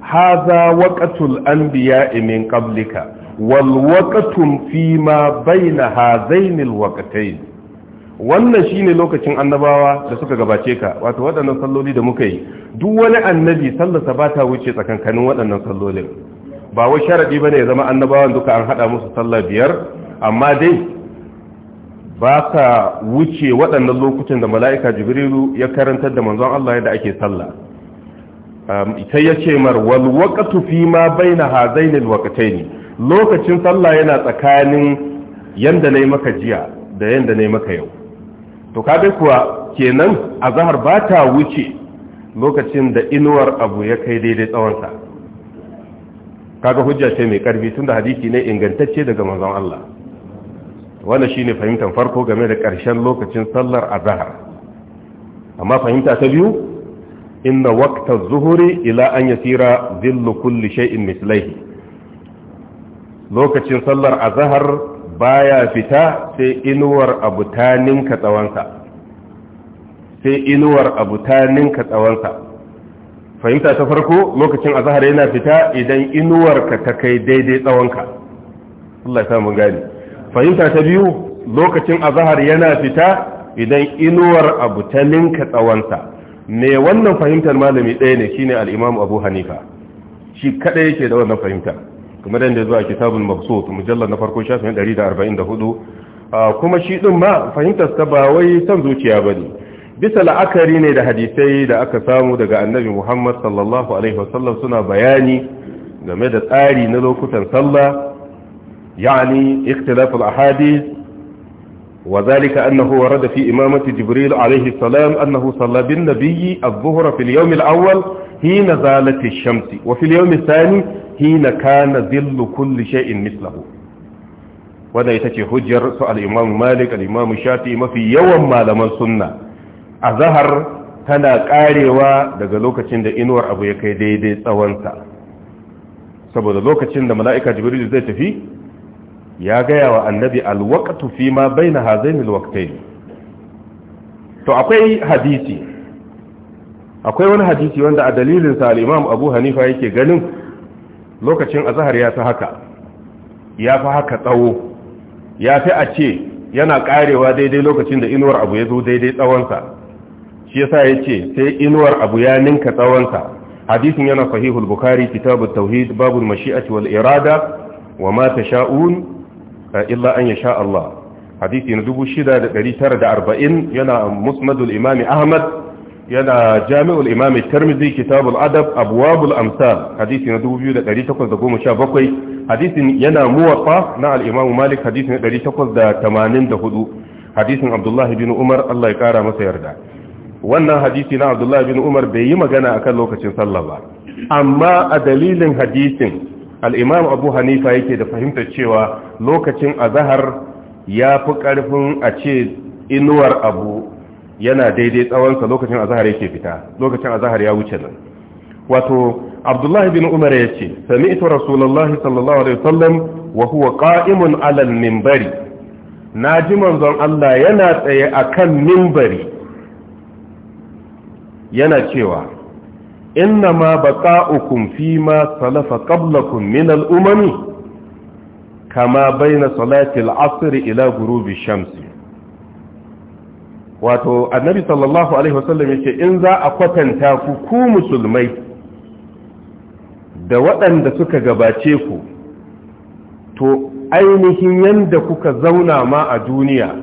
[SPEAKER 1] haza waqatul anbiya'i min qablika walwaƙatun fi ma bai na hazainil wannan shine lokacin annabawa da suka gabace ka wato waɗannan salloli da muka yi duk wani annabi sallarsa ba ta wuce tsakankanin waɗannan sallolin ba wai sharaɗi ba ne ya zama annabawan duka an haɗa musu sallah biyar amma dai ba ka wuce waɗannan lokutan da mala'ika jibrilu ya karantar da manzon Allah yadda ake sallah um, ita ya ce mar walwaqatu fi ma bai na hazainil ne lokacin sallah yana tsakanin yanda nayi maka jiya da yanda nayi maka yau to kabe kuwa kenan azhar ba ta wuce lokacin da inuwar abu ya kai daidai tsawonsa. sa kaga hujja ce mai karfi da hadisi ne ingantacce daga manzon Allah wannan shine fahimtar farko game da ƙarshen lokacin sallar azhar amma fahimta ta biyu inna waqta az-zuhri ila an yasira dhillu kulli shay'in mislaihi lokacin sallar azahar baya fita sai inuwar abutaninka tsawonsa sai inuwar abu tsawonsa fahimta ta farko lokacin azahar yana fita idan ka ta kai daidai tsawonka Allah ya mun gani fahimta ta biyu lokacin azahar yana fita idan inuwar abutaninka tsawonsa me wannan fahimtar malami ɗaya ne shine al-Imam Abu Hanifa shi kada yake da wannan fahimtar kamar yadda zuwa kitabun mabsut mujallar na farko shafin 144 kuma shi din ma fahimtar ta ba wai san zuciya bane bisa la'akari ne da hadisai da aka samu daga annabi Muhammad sallallahu alaihi wasallam suna bayani game da tsari na lokutan sallah yani ikhtilaf al-ahadith وذلك أنه ورد في إمامة جبريل عليه السلام أنه صلى بالنبي الظهر في اليوم hina zalati shamsi wa fil yawmi thani hina kana dhillu kulli shay'in mislahu wannan ita ce hujjar su alimam Malik al-Imam mafi yawan malaman sunna zahar tana karewa daga lokacin da inuwar abu ya kai daidai tsawonta saboda lokacin da mala'ika Jibril zai tafi ya gaya wa annabi alwaqtu fi ma baina hazaini waktai to akwai hadisi akwai wani hadisi wanda a dalilin sa al-Imam Abu Hanifa yake ganin lokacin azhar ya ta haka ya fa haka tsawo ya fi a ce yana karewa daidai lokacin da inuwar abu ya zo daidai tsawonsa shi yasa ya ce sai inuwar abu ya ninka tsawonsa hadisin yana sahihul bukhari kitabu tauhid babul mashi'ati wal irada wa ma tasha'un eh, illa an yasha Allah hadisi na 6940 yana musnadul imami ahmad yana jami'ul imam tirmidhi kitabul adab Abuwabul amsal hadisi na 2817 hadisin yana muwaffa na al-imam malik hadisi na 884 hadisin abdullahi bin umar Allah ya kara masa yarda wannan hadisi na abdullahi bin umar bai yi magana akan lokacin sallah ba amma a dalilin hadisin al-imam abu hanifa yake da fahimtar cewa lokacin azhar ya fi karfin a ce inuwar abu yana daidai tsawonsa lokacin azahar yake fita lokacin azahar ya wuce nan wato abdullahi bin umar ya ce sami'tu Rasulallah sallallahu alaihi sallam, wa huwa qa'imun ala al na ji manzon Allah yana tsaye a kan mimbari yana cewa inna ma baqa'ukum fi ma salafa qablakum min al kama bai na al-'asr ila gurubi shamsi wato annabi sallallahu alaihi wasallam yace in za a kwatanta ku ku musulmai da waɗanda suka gabace ku to ainihin yanda kuka zauna ma a duniya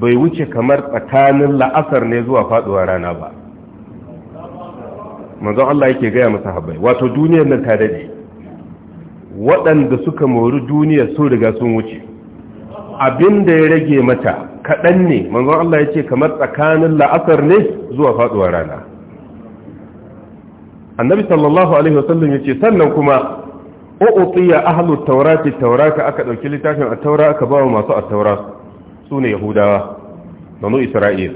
[SPEAKER 1] bai wuce kamar tsakanin la'asar ne zuwa faduwa rana ba manzon Allah yake gaya masa habai wato duniyar nan ta dade waɗanda suka mori duniya sun riga sun wuce abinda ya rage mata kaɗan ne manzon Allah ya ce kamar tsakanin la'asar ne zuwa faɗuwar rana annabi sallallahu alaihi wasallam ya ce sannan kuma u'tiya ahlut taurati taurata aka ɗauki littafin a taura aka ba masu a taura su ne yahudawa banu isra'il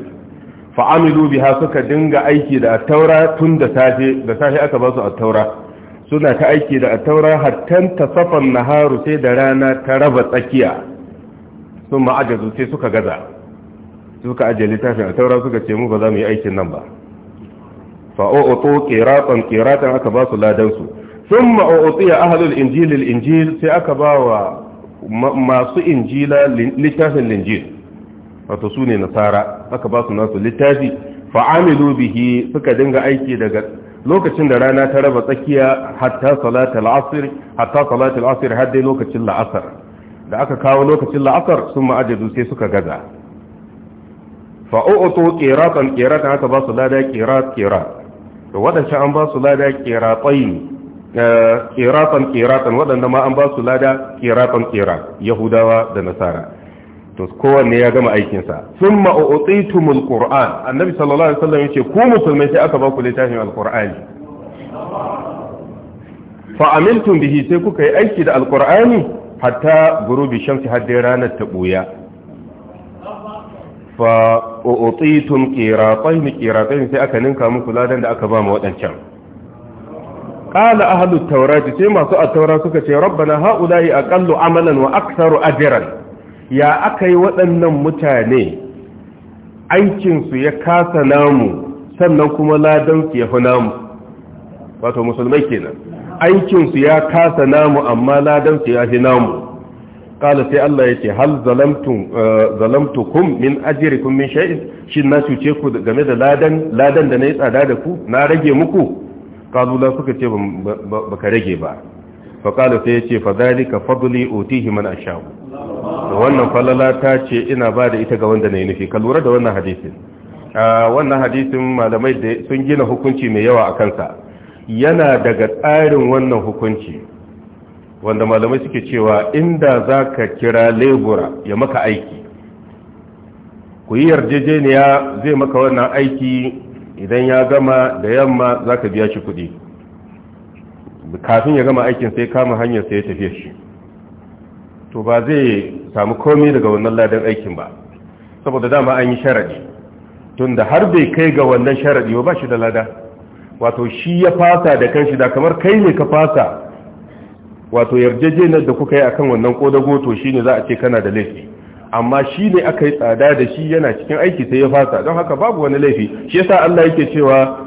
[SPEAKER 1] fa'amilu biha suka dinga aiki da taura tun da safe da safe aka ba su a taura suna ta aiki da taura hatta tasafan naharu sai da rana ta raba tsakiya sun ma'ajazu sai suka gaza suka ajiye littafin a taura suka ce mu ba za mu yi aikin nan ba fa'o'o'to ƙiratan ƙiratan aka ba su ladansu sun ma'o'o'to ya ahalul injil injil sai aka ba wa masu injila littafin linjil wato su ne nasara aka ba su nasu littafi fa'amilu bihi suka dinga aiki daga lokacin da rana ta raba tsakiya hatta salatul asir hatta salatul asir har dai lokacin la'asar da aka kawo lokacin la'akar sun ma'ajadu sai suka gaza fa'o'oto ƙeratan ƙeratan aka ba su lada ƙerat-ƙerat da waɗancan an ba su lada ƙeratai eh, ƙeratan ƙeratan waɗanda ma an ba su lada ƙeratan ƙerat yahudawa da nasara to kowanne ya gama aikinsa sun ma'o'otsitumul ƙur'an annabi sallallahu alaihi wasallam ya ce ku musulmai sai aka ba ku littafin alƙur'ani fa amiltum bihi sai kuka yi aiki da alqur'ani hatta gurubi shamsi har dai ranar ta buya fa utitum qiratayn qiratayn sai aka ninka muku ladan da aka ba mu wadancan qala ahlut tawrati sai masu atara suka ce rabbana haula'i aqallu amalan wa aktharu ajran ya aka yi waɗannan mutane aikinsu ya kasa namu sannan kuma ladansu ya fi namu wato musulmai kenan aikinsu ya kasa namu amma ladansu ya fi namu ƙala sai Allah ya ce hal uh, zalamtukum min kum min sha'in shi na cuce ku game da ladan ladan da na yi tsada da ku na rage muku ƙalula suka ce ba ka rage ba fa ƙala sai ya ce fa zalika fadli utihi man asha'u wannan falala ta ce ina ba da ita ga wanda na yi nufi ka lura da wannan hadisin uh, wannan hadisin malamai sun gina hukunci mai yawa a kansa yana daga tsarin wannan hukunci wanda malamai suke cewa inda za ka kira lebura ya maka aiki ku yi yarjejeniya zai maka wannan aiki idan ya gama da yamma za ka biya shi kudi kafin ya gama aikin sai kama hanyar sai ya tafiye shi to ba zai samu komai daga wannan ladan aikin ba saboda dama an yi sharaɗi tunda har bai kai ga wannan sharaɗi ba shi da lada wato shi ya fasa da kanshi da kamar kai ne ka fasa wato yarjejeniyar da kuka yi akan wannan kodago to shine za a ce kana da laifi amma shi aka yi tsada da shi yana cikin aiki sai ya fasa don haka babu wani laifi shi yasa Allah yake cewa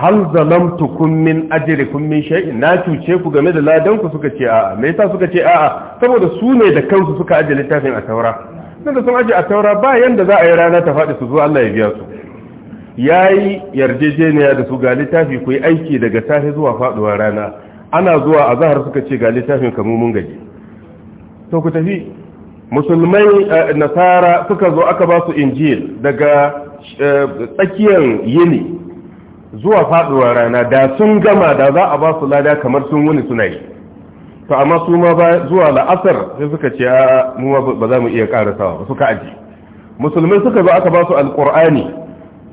[SPEAKER 1] hal zalamtukum min ajrikum min shay'in na cuce ku game da ladan ku suka ce a'a me yasa suka ce a'a saboda su ne da kansu suka aje littafin a taura nan da sun aje a taura bayan da za a yi rana ta faɗi su zo Allah ya biya su ya yi yarjejeniya da su ga littafi ku yi aiki daga safe zuwa faduwa rana ana zuwa a zahar suka ce ga littafin kamu mun gaji to ku tafi musulmai eh, nasara suka zo aka ba su injil daga eh, tsakiyar yini zuwa faduwa rana da sun gama da za a ba su lada kamar sun wuni suna yi to amma su ma ba zuwa la'asar sai suka ce mu ba za mu iya karasawa suka aji musulmai suka zo aka ba su alkur'ani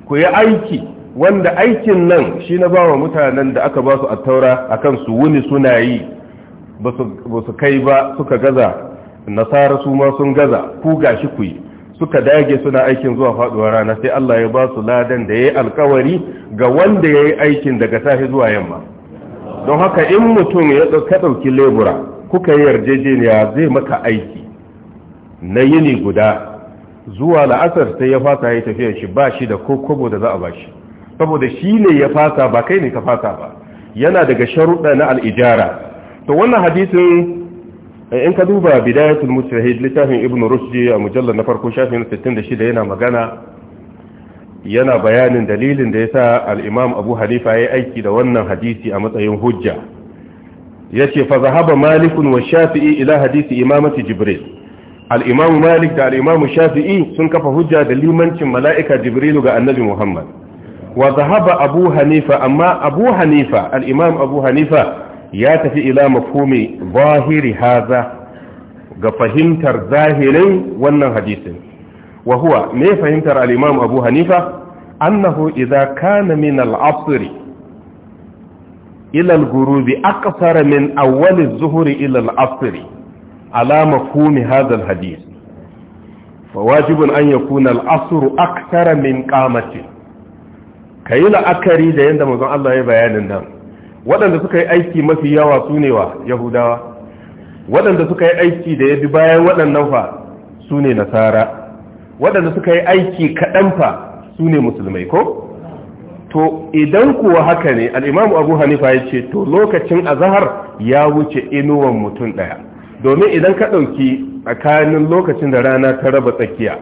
[SPEAKER 1] ku yi aiki wanda aikin nan shi na ba wa mutanen da aka ba su a taura a kan su wuni suna yi ba su kai ba suka gaza nasara su ma sun gaza ku gashi ku yi suka dage suna aikin zuwa faduwa rana sai Allah ya ba su ladan da ya yi alkawari ga wanda ya yi aikin daga safe zuwa yamma don haka in mutum ya ɗauki lebura kuka yi yarjejeniya zai maka aiki na yini guda zuwa la'asar sai ya fasa ya tafiya shi ba shi da kokobo da za a ba shi saboda shi ne ya fasa ba kai ne ka fasa ba yana daga sharuɗa na al'ijara to wannan hadisin eh, in ka duba bidayatul mujtahid littafin ibnu rushdi a mujallar na farko shafin 66 yana magana yana bayanin dalilin da yasa al-imam abu ya yayi aiki da wannan hadisi a matsayin hujja yace fa zahaba malikun wa shafi'i ila hadisi imamati jibril al'imamu malik da al'imamu shafi'i sun kafa hujja da limancin mala'ika jibrilu ga annabi muhammad wa zahaba abu hanifa amma abu hanifa al'imam abu hanifa ya tafi ila mafumi zahiri haza ga fahimtar zahirin wannan hadisin wa me fahimtar al'imam abu hanifa annahu idza kana min al'asr ila al-ghurubi min awwal zuhuri ilal asiri. ala mafhumi hadha alhadith فواجب أن يكون الأصر أكثر من قامته kai la'akari da yadda mazan Allah ya bayanin nan waɗanda suka yi aiki mafi yawa su wa yahudawa waɗanda suka yi aiki da ya bi bayan waɗannan fa su nasara waɗanda suka yi aiki kaɗan fa su musulmai ko to idan kuwa haka ne al'imam abu hanifa ya ce to lokacin azahar ya wuce inuwan mutum ɗaya domin idan ka ɗauki tsakanin lokacin da rana ta raba tsakiya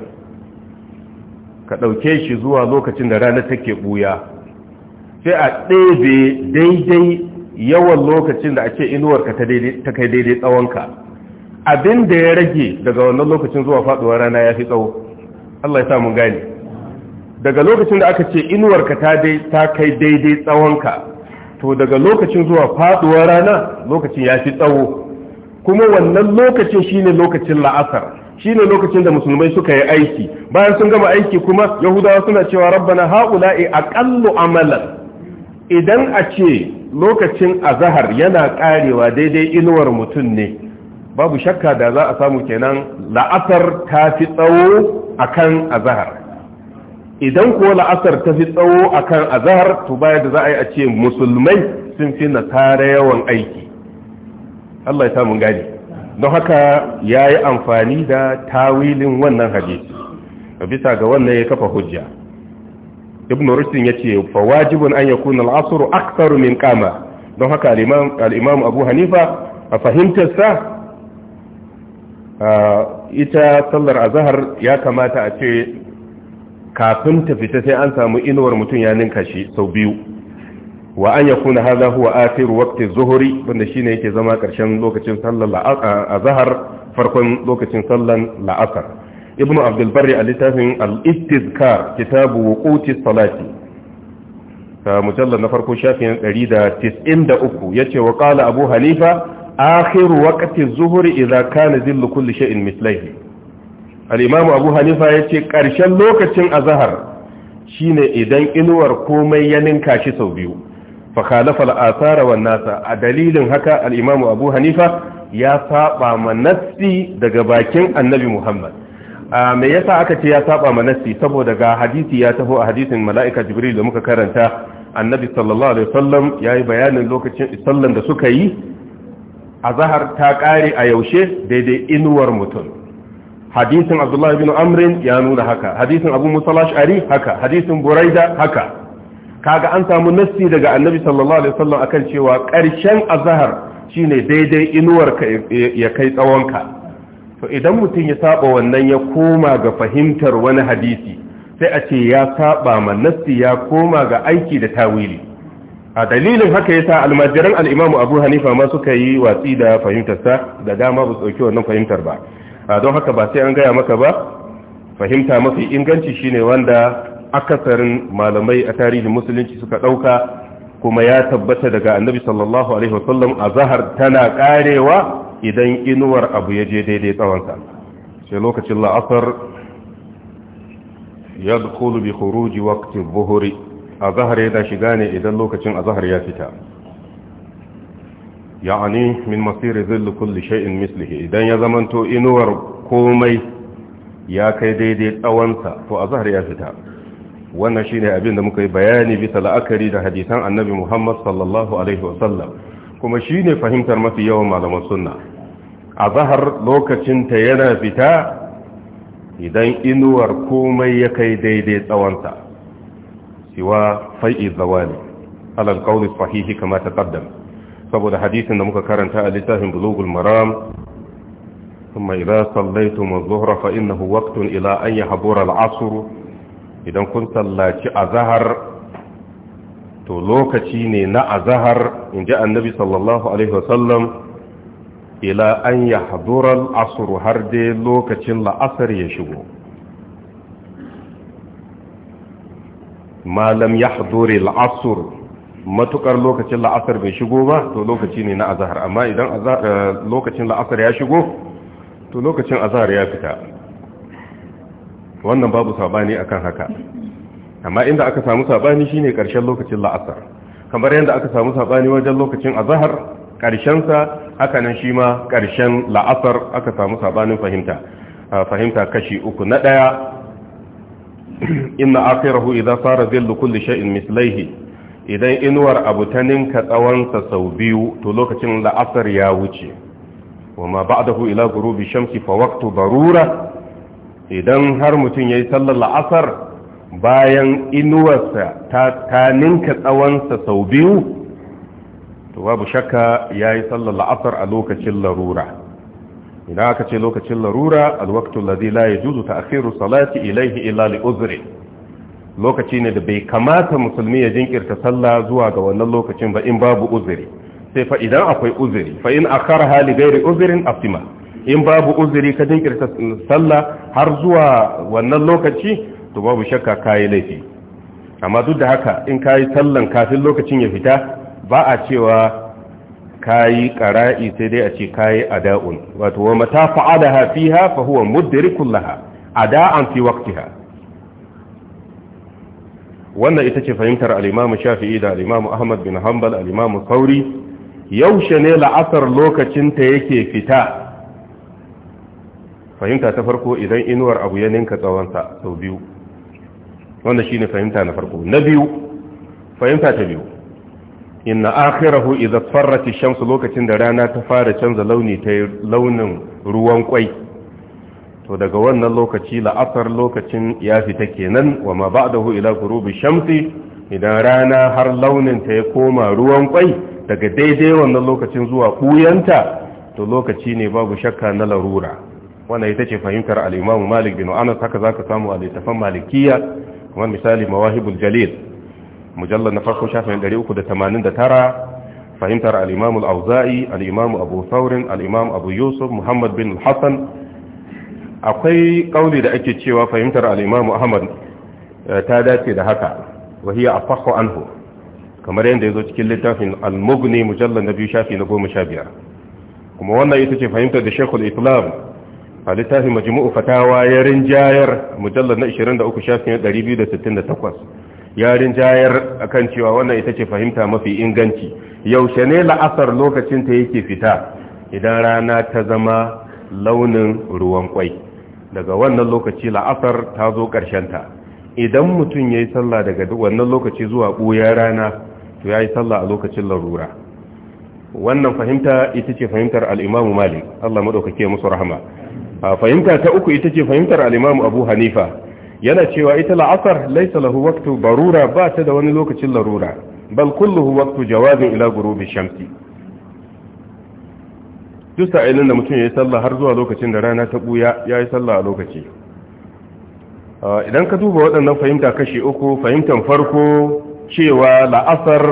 [SPEAKER 1] ka ɗauke shi zuwa lokacin da rana take ɓuya sai a ɗebe daidai yawan lokacin da ake inuwarka ta kai daidai tsawonka abin da ya rage daga wannan lokacin zuwa faɗuwar rana ya fi tsawo Allah ya samun gani daga lokacin da aka ce inuwarka ta kai daidai tsawonka to daga lokacin zuwa faɗuwar rana lokacin ya fi tsawo kuma wannan lokacin shine lokacin la'asar shine lokacin da musulmai suka yi aiki bayan sun gama aiki kuma yahudawa suna cewa rabbana haula'i aqallu amalan idan a ce lokacin azhar yana karewa daidai inuwar mutum ne babu shakka da za a samu kenan la'asar ta fi tsawo akan azhar idan kuwa la'asar ta fi tsawo akan azhar to bayan da za a yi a ce musulmai sun fi nasara yawan aiki Allah ya samu gadi don haka ya yi amfani da tawilin wannan hadisi bisa ga wannan ya kafa hujja ibn rushdin ya ce fa wajibun an yakuna al-asr akthar min kama don haka al abu hanifa a fahimtarsa ah, ita sallar azhar ya kamata a ce kafin ta fita sai an samu inuwar mutum ya ninka shi sau biyu wa an yakuna hadha huwa akhir waqti zuhri wanda shine yake zama karshen lokacin sallar azhar farkon lokacin sallar la'asar ibnu abdul barri a littafin al-istizkar kitabu wuquti salati mujallal na farko shafin 193 yace wa qala abu halifa akhir waqti zuhri idza kana zillu kulli shay'in mithlaihi al-imam abu hanifa yace karshen lokacin azhar shine idan inuwar komai ya ninka shi sau biyu fa khalafa والناس athara هكا nasa a dalilin haka al منسي abu hanifa ya saba daga bakin annabi muhammad me yasa aka ce ya saba manassi saboda ga hadisi ya taho a hadisin mala'ika jibril da muka karanta annabi sallallahu alaihi wasallam yayi bayanin lokacin sallan da suka yi azhar ta kare a yaushe daidai inuwar mutum hadisin Abdullahi ibn amrin ya nuna haka hadisin abu musalash ari haka hadisin buraida haka kaga an samu nassi daga annabi sallallahu alaihi wasallam akan cewa ƙarshen azhar shine daidai inuwar ka ya kai tsawon ka to idan mutum ya saba wannan ya koma ga fahimtar wani hadisi sai a ce ya saba ma nassi ya koma ga aiki da tawili a dalilin haka yasa almajiran al Abu Hanifa ma suka yi watsi da fahimtar sa da dama ba su dauki wannan fahimtar ba don haka ba sai an gaya maka ba fahimta mafi inganci shine wanda akasarin malamai a tarihin musulunci suka ɗauka kuma ya tabbata daga annabi sallallahu alaihi wasallam a zahar tana karewa idan inuwar abu ya je daidai tsawonsa sai lokacin la'asar ya dukulu bi khuruji waqti buhuri a zahar yana shiga ne idan lokacin a zahar ya fita ya'ani min masiri zillu kulli shay'in mislihi idan ya zamanto inuwar komai ya kai daidai tsawonsa to a zahar ya fita wannan shine abin da muka yi bayani bisa la'akari da hadisan annabi Muhammad sallallahu alaihi wasallam kuma shine fahimtar mafi yawan malaman sunna a zahar lokacin ta yana fita idan inuwar komai ya kai daidai tsawonta siwa fai'i zawali alal qawli sahihi kama taqaddam saboda hadisin da muka karanta a littafin bulughul maram ثم إذا صليتم الظهر فإنه وقت إلى أن يحضر العصر idan kun sallaci azahar to lokaci ne na azahar in ji annabi sallallahu alaihi wasallam ila an ya hadurar asuru har dai lokacin la'asar ya shigo malam ya hadure la'asur matukar lokacin la'asar bai shigo ba to lokaci ne na azahar amma idan eh, lokacin la'asar ya shigo to lokacin azahar ya fita wannan babu sabani akan haka amma inda aka samu sabani shine karshen lokacin la'asar kamar yadda aka samu sabani wajen lokacin azhar karshen sa haka nan shi ma karshen la'asar aka samu sabanin fahimta ah, fahimta kashi uku na daya inna akhirahu idza sara zillu kulli shay'in mislaihi idan inuwar abu ta ninka tsawonsa sau biyu to lokacin la'asar ya wuce wa ma ba'dahu ila gurubi shamsi fa waqtu darura idan har mutum ya yi sallar la'asar bayan inuwarsa ta ninka tsawonsa sau biyu to babu shakka ya yi sallar la'asar a lokacin larura idan aka ce lokacin larura alwaktu lazila la ya juzu ta'akhiru salati ilaihi illa li lokaci ne da bai kamata musulmi ya jinkirta sallah zuwa ga wannan lokacin ba in babu uzuri sai fa idan akwai uzuri fa in akharaha hali ghairi uzrin aftima in babu uzuri ka jinkirta sallah har zuwa wannan lokaci to babu shakka kayi laifi amma duk da haka in kayi sallan kafin lokacin ya fita ba a cewa kayi qara'i sai dai a ce kayi ada'un wato wa mata fa'alaha fiha fa huwa mudrikul laha ada'an fi waqtiha wannan ita ce fahimtar al-Imam Shafi'i da al-Imam Ahmad bin Hanbal al-Imam sauri yaushe ne la'asar lokacin ta yake fita fahimta ta farko idan inuwar abu ya ninka tsawonsa sau biyu wanda shi ne fahimta na farko na biyu fahimta ta biyu inna akhirahu idza farrat ash lokacin da rana ta fara canza launi ta launin ruwan kwai to daga wannan lokaci la'asar lokacin yafi fita kenan wa ma ba'dahu ila ghurubi shamsi idan rana har launin ta ya koma ruwan kwai daga daidai wannan lokacin zuwa kuyanta to lokaci ne babu shakka na larura wannan ita ce fahimtar al'imamu malik bin anas haka za ka samu a littafan malikiya kamar misali mawahibul jalil mujallar na farko shafin 389 fahimtar al'imamu al'auza'i al'imamu abu saurin al'imamu abu yusuf muhammad bin hassan akwai ƙauli da ake cewa fahimtar al'imamu ahmad eh, ta dace da haka wahiyar a faho anhu kamar yadda ya zo cikin littafin al-mughni mujallar na biyu shafi na goma sha biyar kuma wannan ita ce fahimtar da shekul islam a littafin majmu'u fatawa ya rinjayar mujallar na 23 shafin 268 ya rinjayar akan cewa wannan ita ce fahimta mafi inganci yaushe ne la'asar lokacin ta yake fita idan rana ta zama launin ruwan kwai daga wannan lokaci la'asar ta zo ta idan mutum ya yi sallah daga wannan lokaci zuwa ɓoyar rana to ya yi sallah a lokacin larura wannan fahimta ita ce fahimtar al'imamu malik allah maɗaukake musu rahama fahimta ta uku ita ce fahimtar alimamu Abu Hanifa yana cewa ita la'asar laysa lahu waqtu barura ba ta da wani lokacin larura bal kulluhu waqtu jawazin ila shamsi duk sa'ilin da mutum yi sallah har zuwa lokacin da rana ta buya yi sallah a lokaci idan ka duba waɗannan fahimta kashe uku fahimtar farko cewa la'asar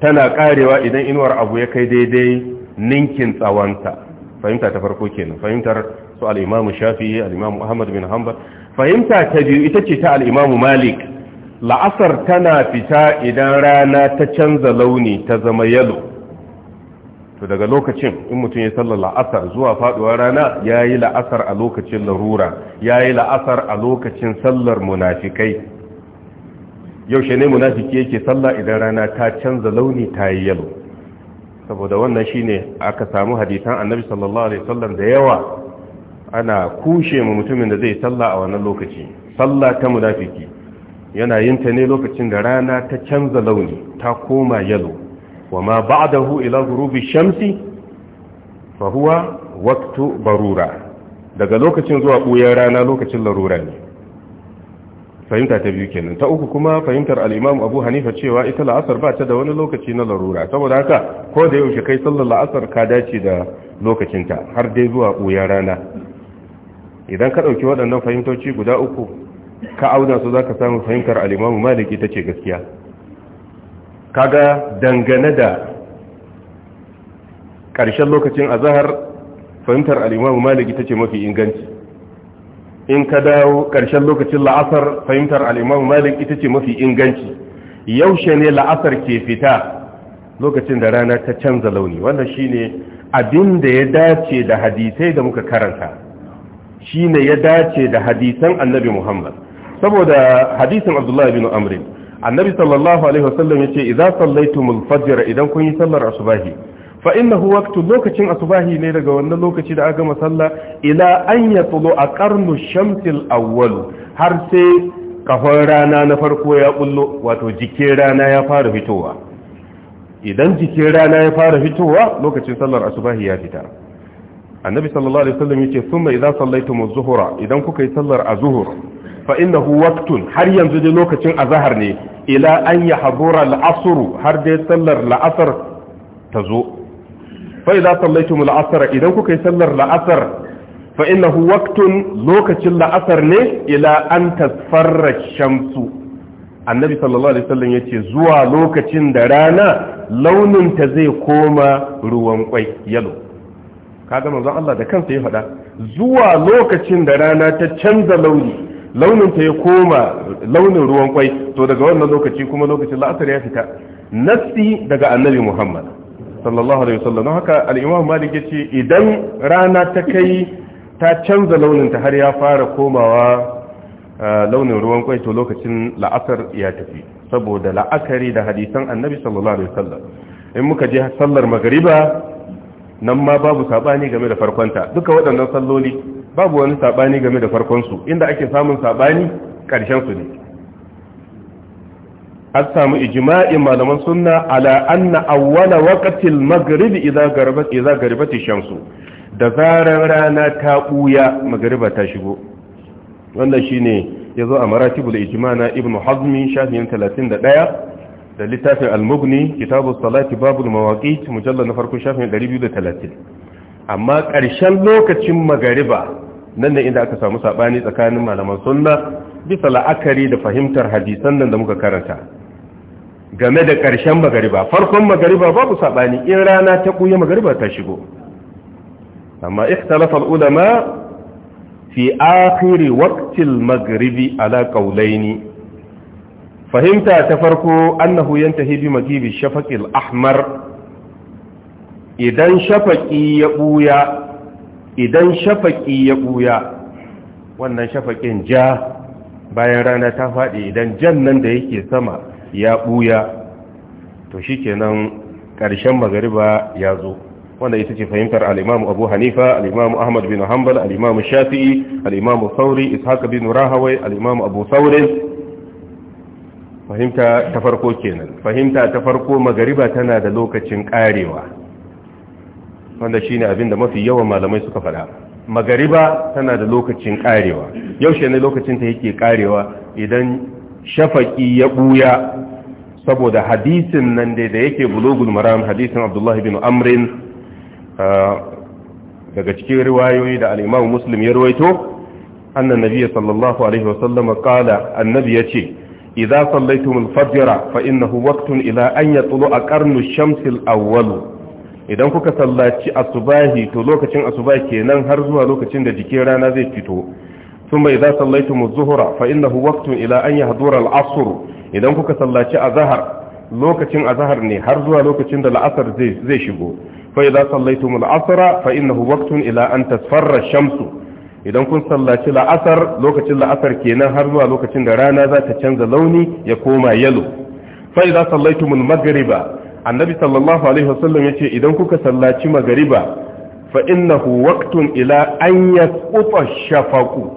[SPEAKER 1] tana karewa idan inuwar abu ya kai daidai ninkin tsawonta fahimta ta farko kenan fahimtar su al'imamu shafi'i al'imamu ahmad bin hanbal fahimta ta biyu ita ce ta al'imamu malik la'asar tana fita idan rana ta canza launi ta zama yalo to daga lokacin in mutum ya sallar la'asar zuwa faduwar rana ya yi la'asar a lokacin larura ya yi la'asar a lokacin sallar munafikai yaushe ne munafiki yake salla idan rana ta canza launi ta yi yalo saboda wannan shine aka samu hadisan annabi sallallahu alaihi wasallam da yawa ana kushe mu mutumin da zai sallah a wannan lokaci sallah ta munafiki yana yin ta ne lokacin da rana ta canza launi ta koma yalo wa ma ba'dahu ila ghurubi shamsi fa huwa waqtu barura daga lokacin zuwa ɓuyar rana lokacin larura ne fahimta ta biyu kenan ta uku kuma fahimtar al'imam abu hanifa cewa ita la'asar ba ta da wani lokaci na larura saboda haka ko da yau yaushe kai sallar la'asar ka dace da lokacinta har dai zuwa ɓuyar rana idan ka ɗauki waɗannan fahimtoci guda uku ka auna su za ka samu fahimtar alimamu maliki ta ce gaskiya kaga dangane da ƙarshen lokacin azahar fahimtar alimamu maliki ta ce mafi inganci in ka dawo ƙarshen lokacin la'asar fahimtar alimamu maliki ita ce mafi inganci yaushe ne la'asar ke fita lokacin da rana ta canza launi wannan shine abin da ya dace da hadisai da muka karanta Shi ne ya dace da hadisan annabi Muhammad saboda hadisin Abdullah bin Amr annabi sallallahu alaihi wasallam yace iza sallaitu fajr idan kun yi sallar asubahi fa innahu waqtu lokacin asubahi ne daga wannan lokaci da aka masalla ila an a aqarnu shamsil awwal har sai kafan rana na farko ya bullo wato jikin rana ya fara fitowa idan jikin rana ya fara fitowa lokacin sallar asubahi ya fita annabi sallallahu alaihi wasallam yake thumma idza sallaytum az-zuhra idan kuka yi sallar az-zuhr fa innahu waqtun har yanzu dai lokacin azhar ne ila an yahdura al-asr har dai sallar la'asar ta zo fa idza sallaytum al-asr idan kuka yi sallar la'asar fa innahu waqtun lokacin la'asar ne ila an tasfarra shamsu annabi sallallahu alaihi wasallam yace zuwa lokacin da rana launin ta zai koma ruwan kwai yalo kaga manzon Allah da kansa ya faɗa zuwa lokacin da rana ta canza launi launin ta ya koma launin ruwan kwai to daga wannan lokaci kuma lokacin la'asar ya fita nassi daga annabi Muhammad sallallahu alaihi wasallam haka al-Imam Malik yace idan rana ta kai ta canza launin ta har ya fara komawa launin ruwan kwai to lokacin la'asar ya tafi saboda la'akari da hadisan annabi sallallahu alaihi wasallam in muka je sallar magriba nan ma babu sabani game da farkonta duka waɗannan salloli babu wani sabani game da farkonsu inda ake samun sabani ƙarshen su ne an samu ijma'in malaman sunna ala anna awwala waqtil maghrib idza garabat idza garabat shamsu da zarar rana ta buya magriba ta shigo wannan shine yazo a maratibul ijma na ibnu hazmi da 31 da littafin al-mughni kitabu salati babul mawaqit mujallal na farko shafin 230 amma ƙarshen lokacin magariba nan ne inda aka samu saɓani tsakanin malaman sunna bisa la'akari da fahimtar hadisan nan da muka karanta game da ƙarshen magariba farkon magariba babu saɓani in rana ta kuya magariba ta shigo amma ikhtalafa al-ulama fi akhir waqtil maghribi ala qawlaini fahimta ta farko annahu yantahi bi magibi shafaqil ahmar idan shafaqi ya buya idan shafaqi ya buya wannan shafaqin ja bayan rana ta faɗi idan jan nan da yake sama ya buya to shikenan ƙarshen magariba ya zo wanda ita ce fahimtar al'imamu abu hanifa al'imamu ahmad bin hanbal al'imamu shafi'i al'imamu sauri ishaq bin rahawai al'imamu abu saurin fahimta ta farko kenan fahimta ta farko magariba tana da lokacin karewa wanda shine abinda mafi yawan malamai suka faɗa magariba tana da lokacin karewa yaushe ne lokacin ta yake karewa idan shafaki ya buya saboda hadisin nan da yake bulugul maram hadisin abdullahi bin amrin ah, daga cikin riwayoyi da al'imam muslim ya ruwaito annan nabi sallallahu alaihi wasallama kala annabi ya ce idza sallaitum al-fajr fa innahu waqtun ila an yatlu aqarnu idan kuka sallaci asubahi to lokacin asubahi kenan har zuwa lokacin da jikin rana zai fito ثم إذا صليتم الظهر فإنه idan kuka sallaci يهدور العصر إذا كنت صلاتي أظهر لوكتين أظهر ني zai لوكتين دا العصر زي, زي شبو فإذا صليتم العصر فإنه وقت إلى أن تصفر shamsu. idan kun sallaci la'asar lokacin la'asar kenan har zuwa lokacin da rana za ta canza launi ya koma yalo fa idza sallaitumul maghriba annabi sallallahu alaihi wasallam yace idan kuka sallaci maghriba fa innahu waqtun ila an yasquta shafaqu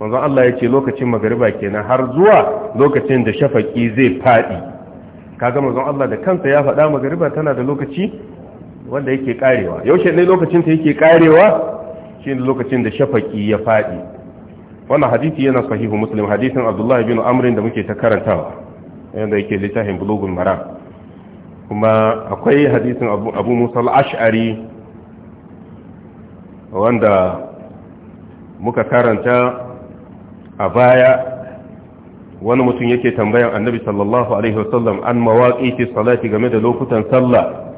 [SPEAKER 1] manzo Allah yace lokacin maghriba kenan har zuwa lokacin da shafaqi zai fadi kaga manzo Allah da kansa ya faɗa maghriba tana da lokaci wanda yake karewa yaushe ne lokacin ta yake karewa shine lokacin da shafaki ya faɗi wannan hadisi yana sahihu muslim hadisin abdullahi bin amrin da muke ta karantawa yanda yake littafin bulugul maram kuma akwai hadisin abu musa al wanda muka karanta a baya wani mutum yake tambayan annabi sallallahu alaihi wasallam an mawaƙi salati game da lokutan sallah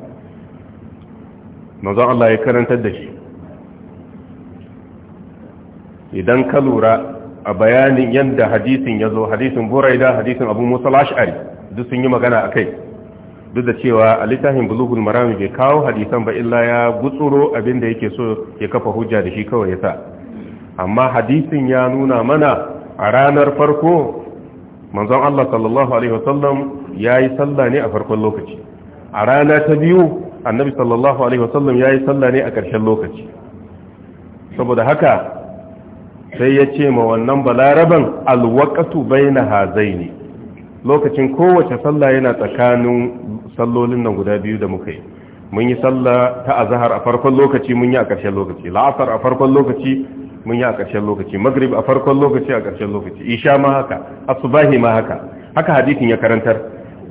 [SPEAKER 1] manzon Allah ya karantar da shi idan ka lura a bayanin yadda hadisin ya zo hadisin buraida hadisin abu musa lash'ari duk sun yi magana a kai duk da cewa a littafin bulugul marami bai kawo hadisan ba illa ya gutsuro abin da yake so ya kafa hujja da shi kawai ya sa amma hadisin ya nuna mana a ranar farko manzon Allah sallallahu alaihi wasallam yayi sallah ne a farkon lokaci a rana ta biyu annabi sallallahu alaihi wasallam yayi sallah ne a ƙarshen lokaci saboda haka sai ya ce ma wannan balaraban alwakatu bai na hazai ne. lokacin kowace sallah yana tsakanin sallolin nan guda biyu da muka yi mun yi sallah ta azahar a farkon lokaci mun yi a ƙarshen lokaci la'asar a farkon lokaci mun yi a ƙarshen lokaci magrib a farkon lokaci a ƙarshen lokaci isha ma haka asubahi ma haka haka hadisin ya karantar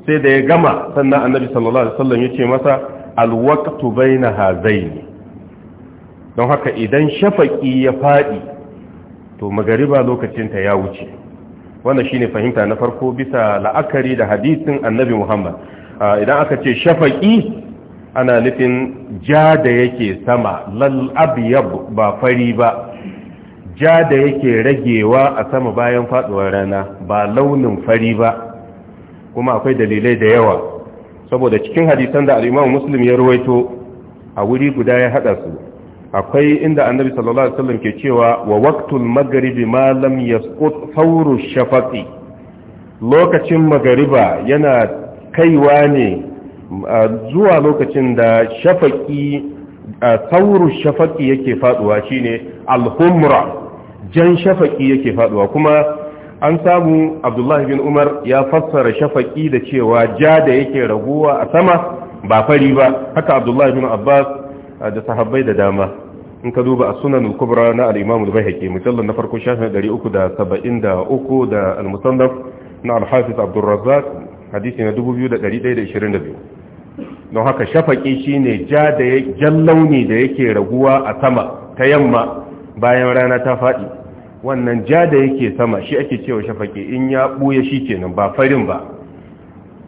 [SPEAKER 1] sai da ya gama sannan annabi sallallahu alaihi wasallam ya ce masa alwaqtu baina hazaini don haka idan shafaqi ya fadi to magariba lokacinta ya wuce wannan shine fahimta na farko bisa la'akari da hadisin annabi Muhammad idan aka ce shafaƙi, ana nufin ja da yake sama lal ba fari ba ja da yake ragewa a sama bayan faduwar rana ba launin fari ba kuma akwai dalilai da yawa saboda cikin hadisan da al-Imam ya ruwaito a wuri guda ya haɗa su akwai inda annabi sallallahu alaihi wasallam ke cewa wa waqtul maghribi ma lam yasqut fawru shafaqi lokacin magariba yana kaiwa ne zuwa lokacin da shafaqi sauru shafaqi yake faduwa shine al-humra jan shafaqi yake faduwa kuma an samu Abdullah bin Umar ya fassara shafaqi da cewa ja da yake raguwa a sama ba fari ba haka Abdullah bin Abbas da sahabbai da dama in ka duba a sunan kubra na al-imam al-bayhaqi mujallal na farko shafin 373 da al-musannaf na al-hafiz abdur razzaq hadisi na 2122 don haka shafaƙi shine ja da jallauni da yake raguwa a sama ta yamma bayan rana ta faɗi wannan ja da yake sama shi ake cewa shafaƙi in ya ɓuya shi kenan ba farin ba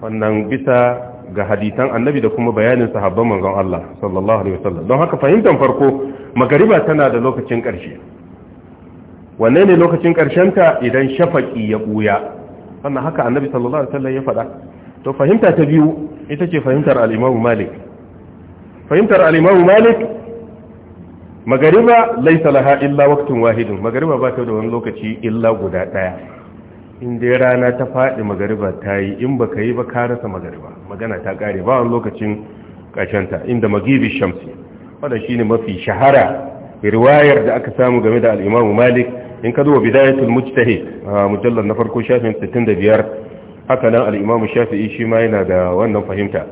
[SPEAKER 1] wannan bisa ga hadisan annabi da kuma bayanin sahabban manzon Allah sallallahu alaihi wasallam don haka fahimtar farko magariba tana da lokacin ƙarshe wanne ne lokacin ta idan shafaki ya buya wannan haka annabi sallallahu alaihi wasallam ya faɗa to fahimta ta biyu ita ce fahimtar al-Imam Malik fahimtar al-Imam Malik magariba laysa laha illa waqtun wahidun magariba ba ta da wani lokaci illa guda daya in dai rana ta faɗi magariba ta yi in ba ka yi ba ka rasa magariba magana ta ƙare ba wani lokacin ƙashanta inda magibi shamsi wadda shi ne mafi shahara riwayar da aka samu game da al'imamu malik in ka zuwa bidayatul mujtahi a mujallar na farko shafin 65 haka nan al'imamu shafi'i shi ma yana da wannan fahimta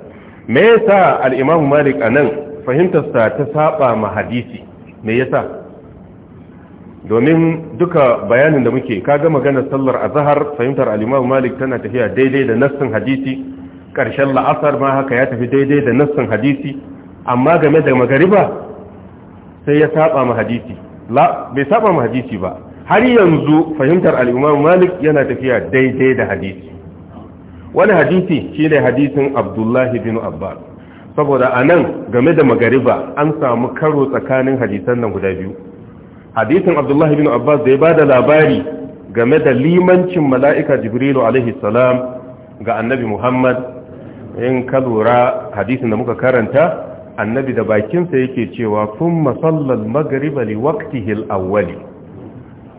[SPEAKER 1] me yasa al'imamu malik a nan fahimtarsa ta saba ma hadisi me yasa domin duka bayanin da muke ka kaga maganar sallar azhar fahimtar alimam Malik tana tafiya daidai da nassin hadisi karshen la'asar ma haka ya tafi daidai da nassin hadisi amma game da magariba sai ya saba ma hadisi la bai saba ma hadisi ba har yanzu fahimtar alimam Malik yana tafiya daidai da hadisi wani hadisi shine hadisin Abdullahi bin Abbas saboda anan game da magariba an samu karo tsakanin hadisan nan guda biyu hadisin abdullahi bin abbas da ya ba da labari game da limancin mala'ika jibrilu alaihi salam ga annabi muhammad in ka lura hadisin da muka karanta annabi da bakinsa yake cewa kun masallar magariba li waktihil awwali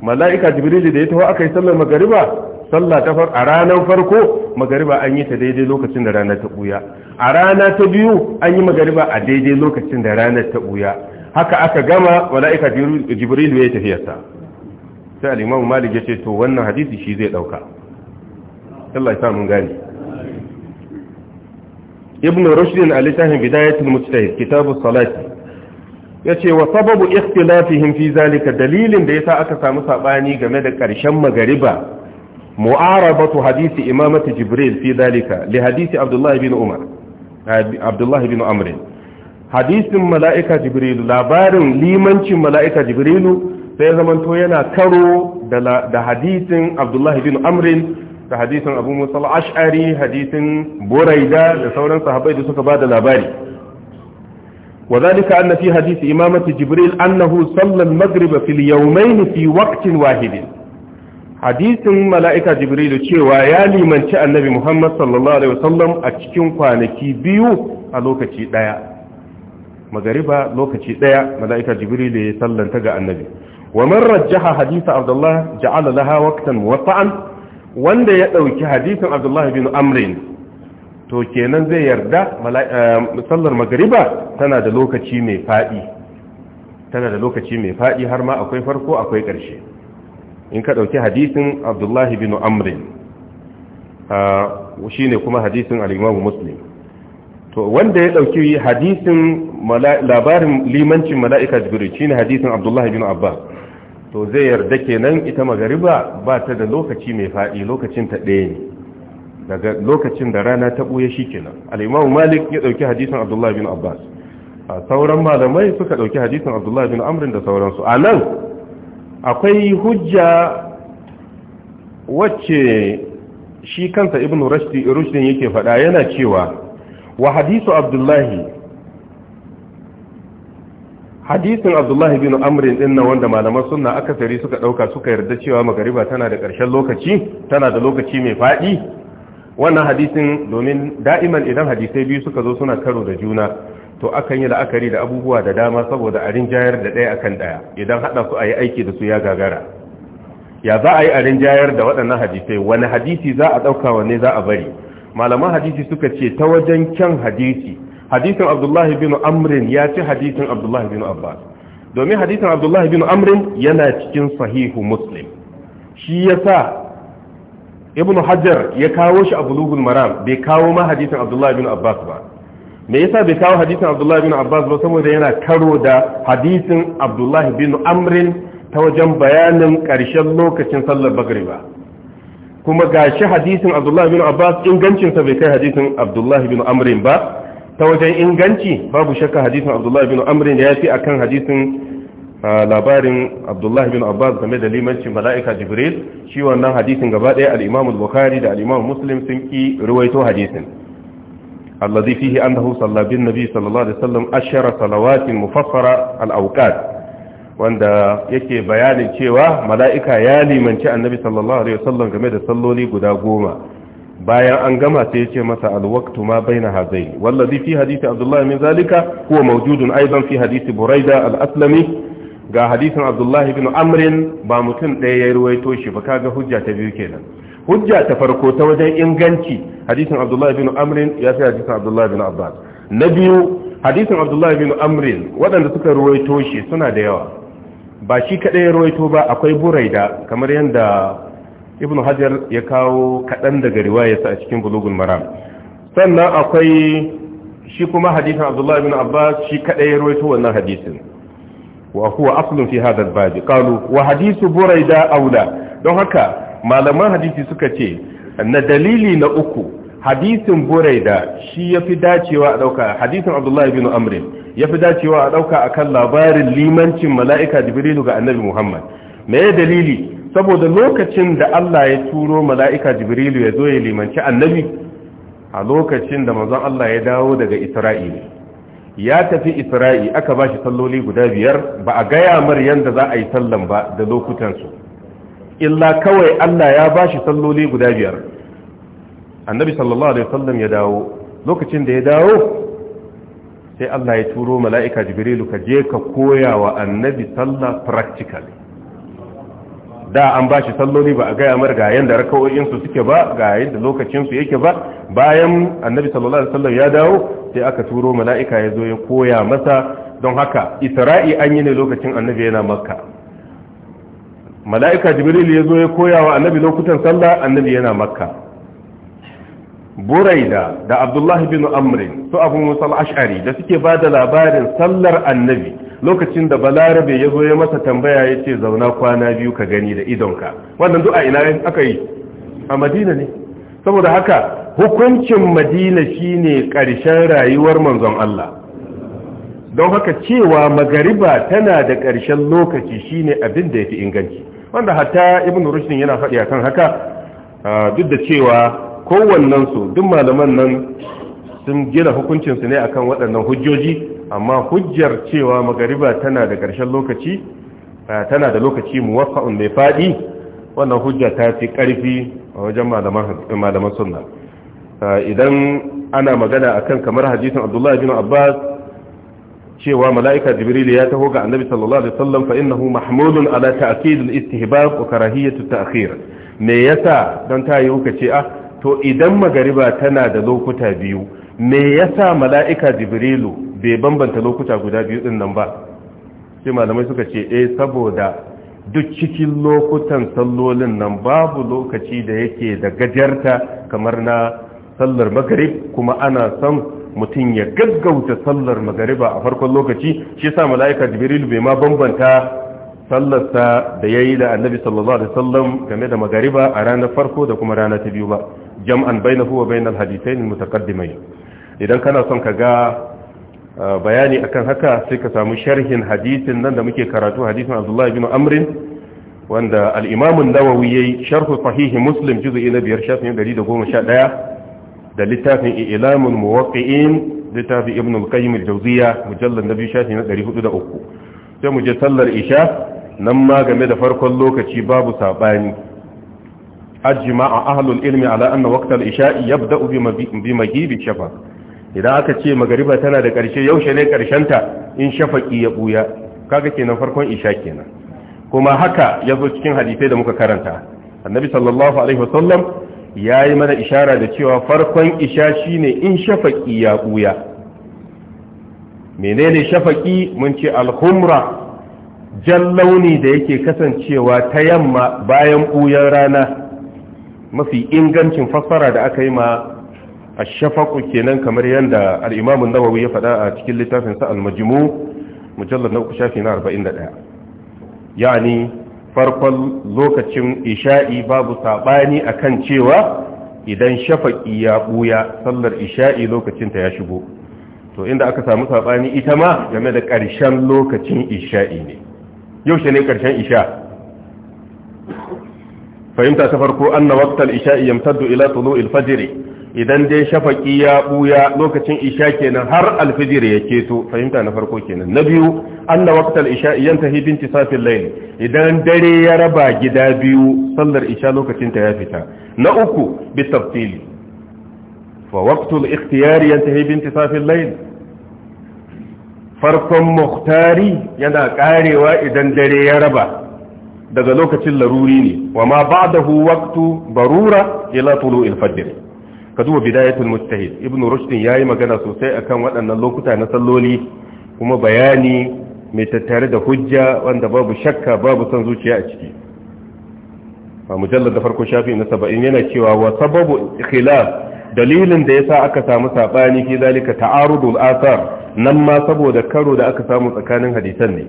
[SPEAKER 1] mala'ika jibrilu da ya taho aka yi sallar magariba sallah ta far a ranar farko magariba an yi ta daidai lokacin da rana ta buya a rana ta biyu an yi magariba a daidai lokacin da rana ta buya haka aka gama mala'ika jibril ya tafiyarsa sai al'imam malik ya ce to wannan hadisi shi zai ɗauka Allah ya mun gani ibn rushdin a littafin bidayatul mujtahid kitabu salati yace wa sababu ikhtilafihim fi zalika dalilin da yasa aka samu sabani game da ƙarshen magariba mu'arabatu hadisi imamati jibril fi zalika li hadisi abdullah ibn umar abdullah ibn amr hadisin mala'ika jibrilu labarin limancin mala'ika jibrilu sai zamanto yana karo da hadisin abdullahi bin amrin da hadisin abu musa al'ashari hadisin buraida da sauran sahabai da suka ba da labari wa zalika anna fi hadisi imamati jibril annahu sallan magriba fil yawmayn fi waqtin wahidin hadisin mala'ika jibrilu cewa ya limanci annabi muhammad sallallahu alaihi wasallam a cikin kwanaki biyu a lokaci daya magariba lokaci daya mala'ika jibril ya sallanta ga annabi wa man rajjaha hadith abdullah ja'ala laha waqtan muwatta'an wanda ya dauki hadithin abdullah bin amrin to kenan zai yarda eh, sallar magariba tana da lokaci mai fadi tana da lokaci mai fadi har ma akwai farko akwai karshe in ka dauki hadithin abdullah bin Amri, eh, shine kuma hadithin al-imam muslim to wanda ya dauki hadisin labarin limancin mala'ika jibril shine hadisin abdullahi bin abba to zai yarda kenan ita magariba ba ta da lokaci mai fadi lokacin ta ne daga lokacin da rana ta buya shi kenan imam malik ya dauki hadisin abdullahi bin abbas sauran malamai suka dauki hadisin abdullahi bin amrin da sauransu a nan akwai hujja wacce shi kansa ibn rushdin yake faɗa yana cewa wa hadisu abdullahi hadisin abdullahi bin amrin din nan wanda malaman sunna akasari suka dauka suka yarda cewa magariba tana da ƙarshen lokaci tana da lokaci mai fadi wannan hadisin domin da'iman idan hadisai biyu suka zo suna karo da juna to akan yi la'akari da abubuwa da dama saboda a rinjayar da ɗaya akan ɗaya idan haɗa su a yi aiki da su ya gagara ya za a yi a rinjayar da waɗannan hadisai wani hadisi za a ɗauka wanne za a bari malaman hadisi suka ce ta wajen kyan hadisi hadisin abdullahi bin amrin ya ce hadisin abdullahi bin abbas domin hadisin abdullahi bin amrin yana cikin sahihu muslim shi yasa ibnu hajar ya kawo shi a bulugun maram bai kawo ma hadisin abdullahi bin abbas ba me yasa bai kawo hadisin abdullahi bin abbas ba saboda yana karo da hadisin abdullahi bin amrin ta wajen bayanin ƙarshen lokacin sallar bagri ba kuma ga shi hadisin abdullahi bin abbas ingancinsa bai kai hadisin abdullahi bin amrin ba ta wajen inganci babu shakka hadisin abdullahi bin amrin ya fi akan hadisin labarin abdullahi bin abbas game da limancin mala'ika jibril shi wannan hadisin gaba ɗaya al'imamu bukari da al'imamu muslim sun ki ruwaito hadisin allazi fihi annahu salla bin nabi sallallahu alaihi wasallam ashara salawatin mufassara al-awqat wanda yake bayanin cewa mala'ika ya limanci annabi sallallahu alaihi wasallam game da salloli guda goma bayan an gama sai ya ce masa alwaktu ma baina hazai wallazi fi hadisi Abdullahi min zalika huwa maujudun aidan fi hadisi buraida al ga hadisin Abdullahi bin Amrin ba mutum ɗaya ya ruwaito shi ba kaga hujja ta biyu kenan hujja ta farko ta wajen inganci hadisin Abdullahi bin Amrin ya fi hadisin Abdullahi bin abbas na biyu hadisin Abdullahi bin Amrin waɗanda suka ruwaito shi suna da yawa ba shi kaɗai ya rawaito ba akwai buraida kamar yadda ibn hajar ya kawo kaɗan daga riwayarsa a cikin bulugun maram sannan akwai shi kuma hadisin abdullahi bin abbas shi kaɗai ya rawaito wannan hadisin wa huwa aslun fi Hadal al qalu wa hadisu buraida aula don haka malaman hadisi suka ce na dalili na uku hadisin da shi ya fi dacewa a ɗauka hadisin abdullahi bin amrin ya fi dacewa a ɗauka a kan labarin limancin mala'ika jibrilu ga annabi muhammad me dalili saboda lokacin da allah ya turo mala'ika jibrilu ya zo ya limanci annabi a lokacin da manzon allah ya dawo daga isra'ili ya tafi isra'i aka ba shi salloli guda biyar ba a gaya mar yadda za a yi sallan ba da lokutansu illa kawai allah ya ba shi salloli guda biyar annabi sallallahu alaihi wasallam ya dawo lokacin da ya dawo sai Allah ya turo mala'ika jibrilu ka je ka koya wa annabi sallah practically da an ba shi salloli ba a gaya mar ga rakawoyin su suke ba ga yadda su yake ba bayan annabi sallallahu alaihi wasallam ya dawo sai aka turo mala'ika ya zo ya koya masa don haka isra'i an yi ne lokacin annabi yana makka mala'ika jibril ya zo ya koya wa annabi lokutan sallah annabi yana makka buraida da abdullahi bin amrin su abu musa ashari da suke ba da labarin sallar annabi lokacin da balarabe ya zo ya masa tambaya ya ce zauna kwana biyu ka gani da idonka wannan du'a ina aka yi a madina ne saboda haka hukuncin madina shine ƙarshen rayuwar manzon Allah don haka cewa magariba tana da karshen lokaci shine abin da yafi inganci wanda hatta ibn rushdin yana faɗi akan haka ah, duk da cewa kowannen su duk malaman nan sun gina hukuncin su ne akan waɗannan hujjoji amma hujjar cewa magariba tana da ƙarshen lokaci tana da lokaci muwaffa'un mai faɗi wannan hujja ta fi ƙarfi a wajen malaman sunna idan ana magana akan kamar hadisin abdullahi bin abbas cewa mala'ika jibril ya taho ga annabi sallallahu alaihi wasallam fa innahu mahmudun ala ta'kid al-istihbab wa karahiyat at-ta'khir me yasa dan ta yi huka ce ah to idan magariba tana da lokuta biyu me yasa mala'ika jibrilu bai bambanta lokuta guda biyu din nan ba sai malamai suka ce eh saboda duk cikin lokutan sallolin nan babu lokaci da yake da gajarta kamar na sallar magarib kuma ana son mutum ya gaggauta sallar magariba a farkon lokaci shi yasa mala'ika Jibrilu bai ma bambanta sallarsa da ya yi da annabi sallallahu alaihi wasallam game da magariba a ranar farko da kuma rana ta biyu ba jam'an bainahu wa bainal hadithain mutaqaddimain idan kana son ka ga uh, bayani akan haka sai ka samu sharhin hadisin nan da muke karatu hadisin Abdullah ibn Amr wanda al-Imam an-Nawawi yayi sharh sahih Muslim juz'i na 5 shafin 111 da littafin Ilamul Muwaqqi'in littafin Ibn al-Qayyim al-Jawziyya mujallad nabi shafin 403 sai mu je sallar Isha nan ma game da farkon lokaci babu sabani ajma'a ahlul ilmi ala anna waqtal isha'i yabda'u bi maghibi shafa idan aka ce magariba tana da ƙarshe yaushe ne ta in shafaki ya buya kaga kenan farkon isha kenan kuma haka yazo cikin hadisai da muka karanta annabi sallallahu alaihi wasallam yayi mana ishara da cewa farkon isha shine in shafaƙi ya buya menene shafaƙi mun ce al jan launi da yake kasancewa ta yamma bayan buyan rana mafi ingancin fassara da aka yi ma a shafaƙu kenan kamar yadda al'imamin nawawi ya faɗa a cikin littafin mujallar al uku shafi na 41 yani farkon lokacin isha'i babu saɓani a kan cewa idan shafaƙi ya ɓuya sallar isha'i lokacin ta ya shigo to inda aka samu saɓani ita ma game da ƙarshen lokacin isha'i ne yaushe ne ƙarshen isha fahimta ta farko anna waqtal isha'i yamtaddu ila tulu'il fajr idan dai shafaki ya buya lokacin isha kenan har alfijir ya keto fahimta na farko kenan na biyu anna waqtal isha'i yantahi bi intisafil layl idan dare ya raba gida biyu sallar isha lokacin ta ya fita na uku bi tafsili fa waqtul ikhtiyar yantahi bi intisafil layl farkon muktari yana karewa idan dare ya raba daga lokacin laruri ne wa ma ba'dahu waqtu barura ila tulu fajr ka duba bidayatul mustahid ibn rushd yi magana sosai akan waɗannan lokuta na salloli kuma bayani mai tattare da hujja wanda babu shakka babu san zuciya a ciki a mujallar da farko shafi na 70 yana cewa wa sababu khilaf dalilin da yasa aka samu sabani fi zalika ta'arudul asar nan ma saboda karo da aka samu tsakanin hadisan ne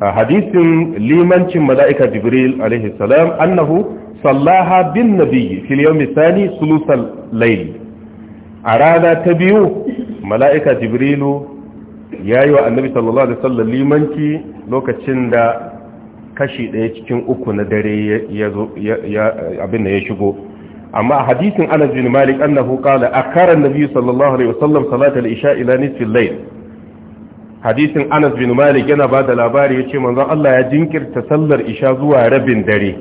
[SPEAKER 1] A hadisin limancin mala'ika jibril alaihi salam annahu sallaha bin nabiyyi fil misali, thani sulusal layl a rana ta biyu mala'ika jibrilu ya yi wa annabi sallallahu alaihi wasallam limanci lokacin da kashi ɗaya cikin uku na dare abin da ya shigo amma a hadisin anas bin malik annahu qala a an-nabi sallallahu alaihi wasallam salatal isha ila nisfi al hadisin anas bin malik yana ba da labari ya ce manzon Allah ya jinkirta sallar isha zuwa rabin dare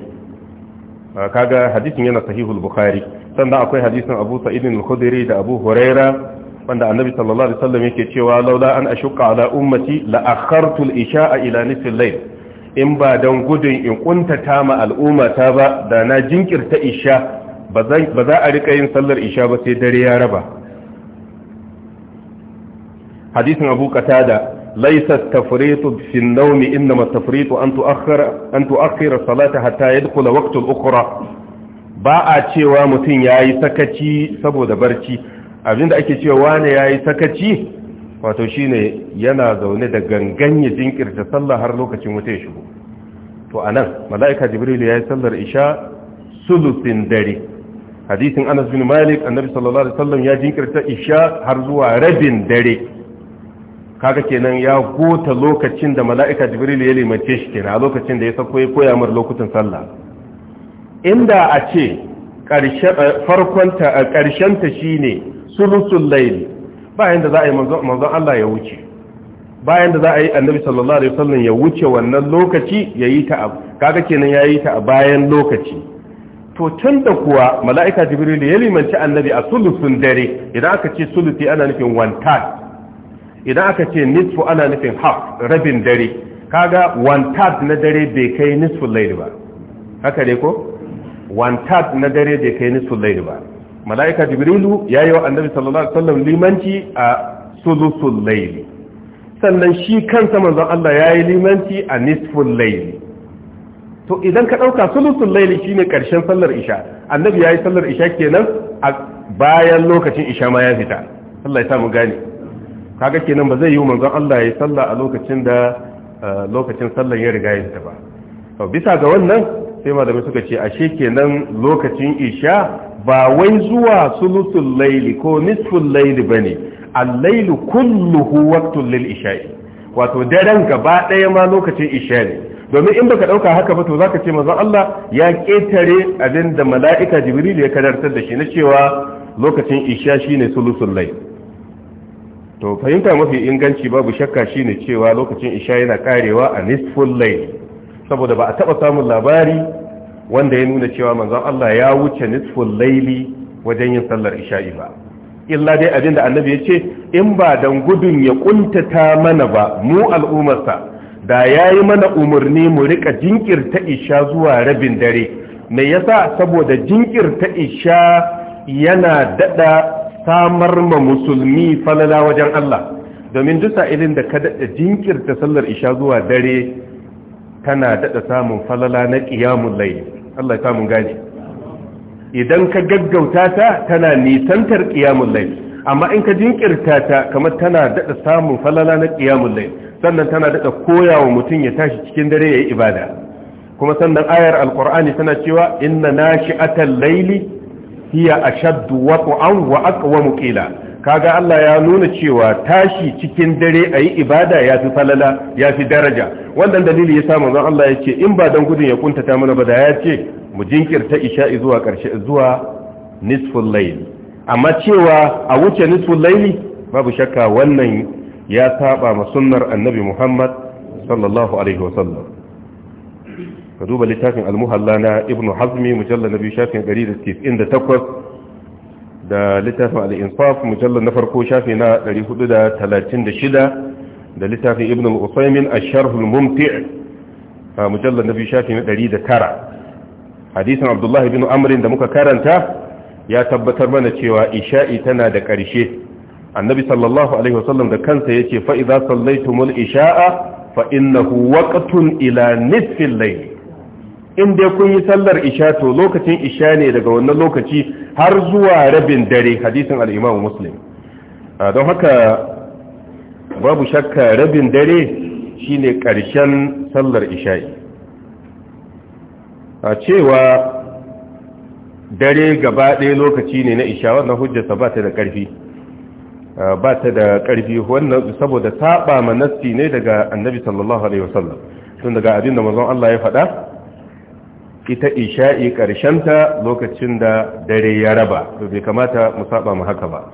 [SPEAKER 1] ah, kaga hadisin yana sahihul bukhari sannan akwai hadisin abu sa'idin al-khudri da abu huraira wanda annabi sallallahu alaihi wasallam yake cewa laula an ashqa ala ummati la akhartu al isha ila nisfi in ba dan gudun in kuntata ma al'ummata ba da na jinkirta isha ba za a rika yin sallar isha ba sai dare ya raba hadisin abu qatada laysa at-tafritu fi an-nawm inma at-tafritu an tu'akhkhira an hatta ba a cewa mutum yayi sakaci saboda barci abinda ake cewa ya yayi sakaci wato shine yana zaune da gangan ya jinkirta sallah har lokacin wuta ya shigo to anan mala'ika jibril yayi sallar isha sulusin dare hadisin Anas bin Malik annabi sallallahu alaihi wasallam ya jinkirta isha har zuwa rabin dare kaga kenan ya gota lokacin da mala'ika jibril ya limace shi kenan a lokacin da ya sako ya koya mar lokutan sallah inda a ce eh, farkon ta eh, shi ta shine sulusul layl bayan da za a yi manzon Allah ya wuce bayan da za a yi annabi sallallahu alaihi wasallam ya wuce wannan lokaci yayi ta kaga kenan yayi ta a bayan lokaci to tun da kuwa mala'ika jibril ya limanci annabi a sulusun dare idan aka ce sulusi ana nufin one idan aka ce nisfu ana nufin haf rabin dare kaga one third na dare bai kai nisfu laili ba haka ne ko one third na dare bai kai nisfu laili ba mala'ika jibrilu ya yi wa annabi sallallahu alaihi wasallam limanci a sulusul laili sannan shi kansa manzon Allah ya yi limanci a nisful laili to idan ka ɗauka sulusul laili shine ƙarshen sallar isha annabi ya yi sallar isha kenan a bayan lokacin isha ma ya fita Allah ya samu gane kaga kenan ba zai yi manzon Allah ya salla a lokacin da eh, lokacin sallan ya riga ya ba to bisa ga wannan sai malamai suka ce ashe kenan lokacin isha ba wai zuwa sulusul Layli ko nisful Layli bane al laylu kulluhu waqtul lil isha'i wato daren gaba ɗaya ma lokacin isha ne domin in baka ɗauka haka ba to zaka ce manzon Allah ya ketare abinda mala'ika Jibril ya kadartar da shi na cewa lokacin isha shine sulusul Layli. to fahimta mafi inganci babu shakka shine cewa lokacin isha yana karewa a nisful layl saboda ba a taba samun labari wanda ya nuna cewa manzon Allah ya wuce nisful layli wajen yin sallar isha'i ba illa dai abin da annabi ya ce in ba dan gudun ya kuntata mana ba mu al'ummarsa da yayi mana umarni mu rika jinkirta isha zuwa rabin dare me yasa saboda jinkirta isha yana dada samar ma musulmi falala wajen Allah domin duk sa'ilin da ka daɗa jinkirta sallar isha zuwa dare kana daɗa samun falala na ƙiyamun layi Allah ya samun gani idan ka gaggauta ta tana nisantar ƙiyamun layi amma in ka jinkirta ta kamar tana daɗa samun falala na ƙiyamun layi sannan tana daɗa koya wa mutum ya tashi cikin dare ya yi ibada kuma sannan ayar alƙur'ani tana cewa inna atan laili hiya a wat'an wa aqwamu qila kaga Allah ya nuna cewa tashi cikin dare a yi ibada yafi falala ya fi daraja wannan dalili yasa manzon Allah ce, in ba dan gudun ya kuntata mana ba da ce, mu jinkirta isha'i zuwa karshe zuwa nisful layl amma cewa a wuce nisful babu shakka wannan ya saba ma sunnar annabi Muhammad sallallahu alaihi sallam. ka duba littafin almuhalla na ibnu hazmi mujallar na biyu shafin 198 da littafin al'insaf mujallar na farko shafi na 436 da littafin ibn al'usaimin a sharhul mumti a mujallar na biyu shafi na 109 hadisin abdullahi bin amrin da muka karanta ya tabbatar mana cewa isha'i tana da ƙarshe annabi sallallahu alaihi wasallam da kansa ya ce fa'iza sallaitumul isha'a fa'innahu waƙatun ila nisfin laili in dai kun yi sallar isha to lokacin isha ne daga wannan lokaci har zuwa rabin dare hadisin al-Imam Muslim don haka babu shakka rabin dare shine ƙarshen sallar isha'i a cewa dare gaba ɗaya lokaci ne na isha wannan hujjata ba ta da ƙarfi ba ta da ƙarfi wannan saboda saba manasti ne daga annabi sallallahu alaihi wasallam tun daga abin da mazan Allah ya faɗa ita isha'i ta lokacin da dare ya raba to bai kamata mu saba mu haka ba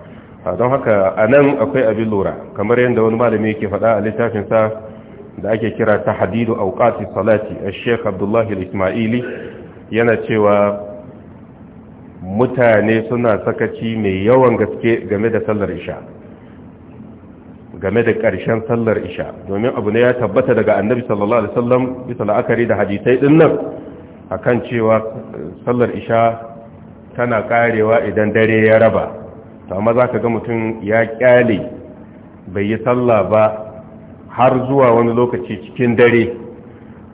[SPEAKER 1] don haka a nan akwai abin lura kamar yadda wani malami yake faɗa a littafin sa da ake kira ta hadidu auqati salati a shek abdullahi ismaili yana cewa mutane suna sakaci mai yawan gaske game da sallar isha game da ƙarshen sallar isha domin abu ne ya tabbata daga annabi sallallahu alaihi wasallam bisa la'akari da hadisai din nan akan cewa sallar isha tana karewa idan dare ya raba to amma za ka ga mutum ya kyale bai yi sallah ba har zuwa wani lokaci cikin dare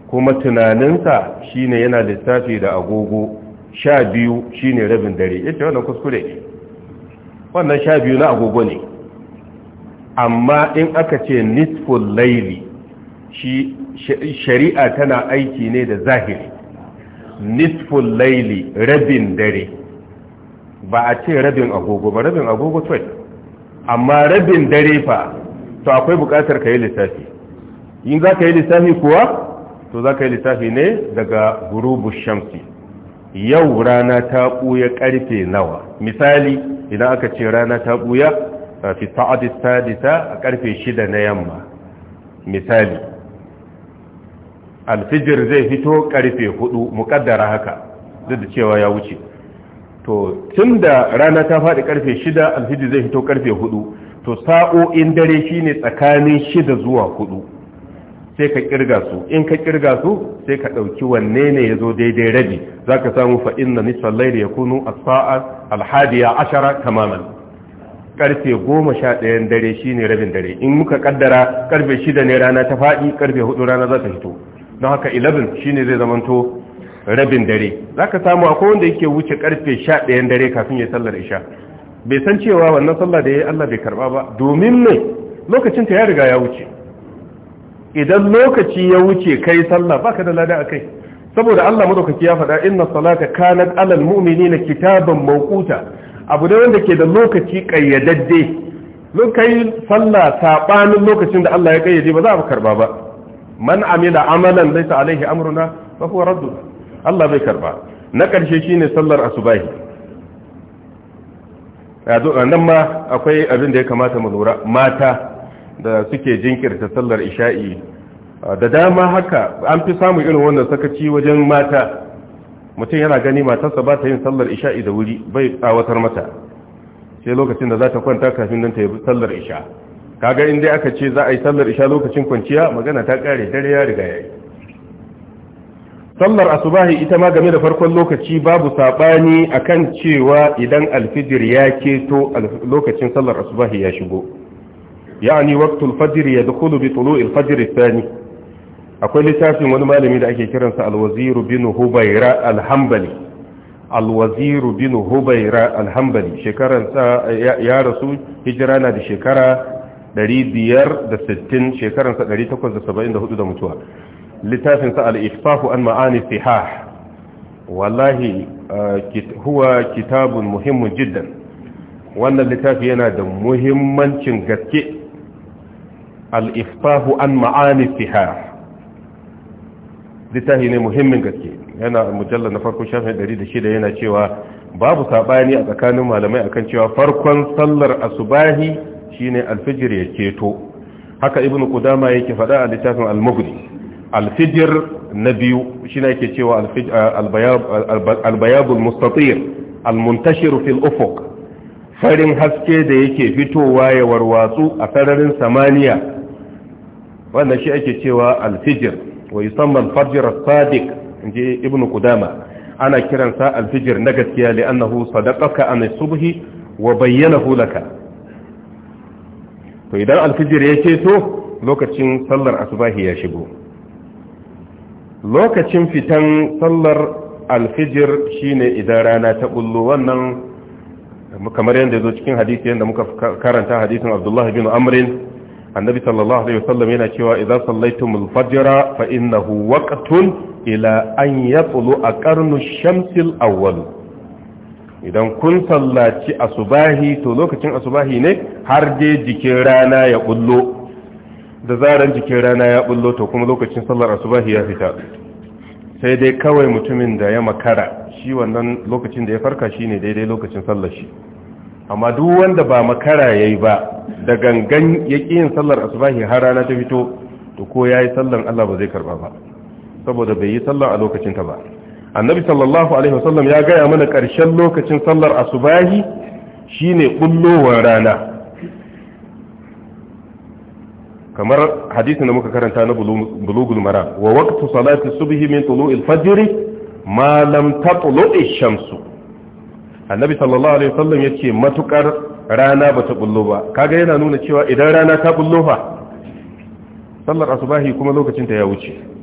[SPEAKER 1] kuma tunaninsa shine yana lissafi da agogo sha biyu shine rabin dare yace wannan kuskure wannan sha biyu na agogo ne amma in aka ce nisful laili shi shari'a tana aiki ne da zahiri nisful laili rabin dare ba a ce rabin agogo ba rabin agogo 12 amma rabin dare fa to akwai buƙatar ka yi lissafi in za ka yi lissafi kuwa to za ka yi lissafi ne daga gurubu shamsi yau rana ta buya ƙarfe nawa misali idan aka ce rana ta ɓuya fi sa'adis sadisa a ƙarfe shida na yamma misali alfijir zai fito karfe hudu mukaddara haka duk da cewa ya wuce to tun da rana ta faɗi karfe shida alfijir zai fito karfe hudu to sa'o'in dare shine tsakanin shida zuwa hudu sai ka kirga su in ka kirga su sai ka ɗauki wanne ne ya zo daidai rabi za ka samu fa'in na nisan lairi ya kunu a sa'ar alhadiya ashara kamaman karfe goma sha ɗayan dare shine rabin dare in muka kaddara karfe shida ne rana ta faɗi karfe hudu rana za ta fito don haka 11 shine zai zamanto rabin dare zaka samu akwai wanda yake wuce karfe 11 dare kafin ya sallar isha bai san cewa wannan sallah da yayi Allah bai karba ba domin me, lokacin ta ya riga ya wuce idan lokaci ya wuce kai sallah baka da lada akai saboda Allah madaukaki ya faɗa inna salata kanat alal mu'minina kitaban mawquta abu da wanda ke da lokaci kayyadadde lokacin sallah sabanin lokacin da Allah ya kayyade ba za a karba ba man amila amalan laysa alaihi amruna fa huwa raddu Allah bai karba na karshe shine sallar asubahi nan ma akwai abin da ya kamata mu lura mata da suke jinkirta sallar isha'i da dama haka an fi samu irin wannan sakaci wajen mata mutum yana gani matarsa ba ta yin sallar isha'i da wuri bai tsawatar mata sai lokacin da za ta kwanta kafin nan ta yi sallar isha kaga in dai aka ce za a yi sallar isha lokacin kwanciya magana ta kare dare ya riga ya yi sallar asubahi ita ma game da farkon lokaci babu sabani akan cewa idan alfijir ya keto lokacin sallar asubahi ya shigo yani waqtul fajr yadkhulu bi tulu'il fajr athani akwai littafin wani malami da ake kiransa al-wazir bin hubayra al-hanbali al bin hubayra al-hanbali shekaran ya rasu hijira na da shekara 560 shekaransa 874 da mutuwa littafinsa al-ihfahu an ma'ani sihah wallahi uh, huwa kitabun muhimmin jiddan wannan littafi yana da muhimmancin gaske al-ihfahu an ma'ani sihah littafi ne muhimmin gaske yana mujallar na farko shafin 106 yana cewa babu sabani a tsakanin malamai akan cewa farkon sallar asubahi shine alfijir ya ceto haka ibnu kudama yake faɗa a littafin al-mughni alfijir na biyu shine yake cewa al-bayab al-mustatir al-muntashir fil ufuq farin haske da yake fitowa ya warwatsu a sararin samaniya wannan shi ake cewa alfijir wa yusamma al-fajr as-sadiq inji ibnu qudama ana kiransa alfijir na gaskiya li'annahu sadaqaka an subhi wa bayyanahu laka to idan alfijir ya to lokacin sallar asubahi ya shigo lokacin fitan sallar alfijir shine idan rana ta bullo wannan kamar yadda zo cikin hadisi yadda muka karanta hadisin abdullah bin amrin annabi sallallahu alaihi wasallam yana cewa idza sallaitumul fajra fa innahu waqtun ila an yatlu aqarnu shamsil awwal idan kun sallaci asubahi to lokacin asubahi ne har dai jikin rana ya bullo da zaran jikin rana ya bullo to kuma lokacin sallar asubahi ya fita sai dai kawai mutumin da ya makara shi wannan lokacin da ya farka shi ne daidai lokacin sallar shi amma duk wanda ba makara ya yi ba da gangan ya ƙi yin sallar asubahi har rana ta fito to ko ya yi sallar, Allah ba zai karba ba saboda bai yi sallar a lokacinta ba annabi sallallahu alaihi wasallam ya gaya mana ƙarshen lokacin sallar asubahi shine kullowar rana kamar hadisin da muka karanta na bulugul mara wa waqtu salati subhi min tulu'il fajr ma lam tatlu'i shamsu annabi sallallahu alaihi wasallam yace matukar rana bata bullo ba kaga yana nuna cewa idan rana ta bullo fa sallar asubahi kuma lokacin ta ya wuce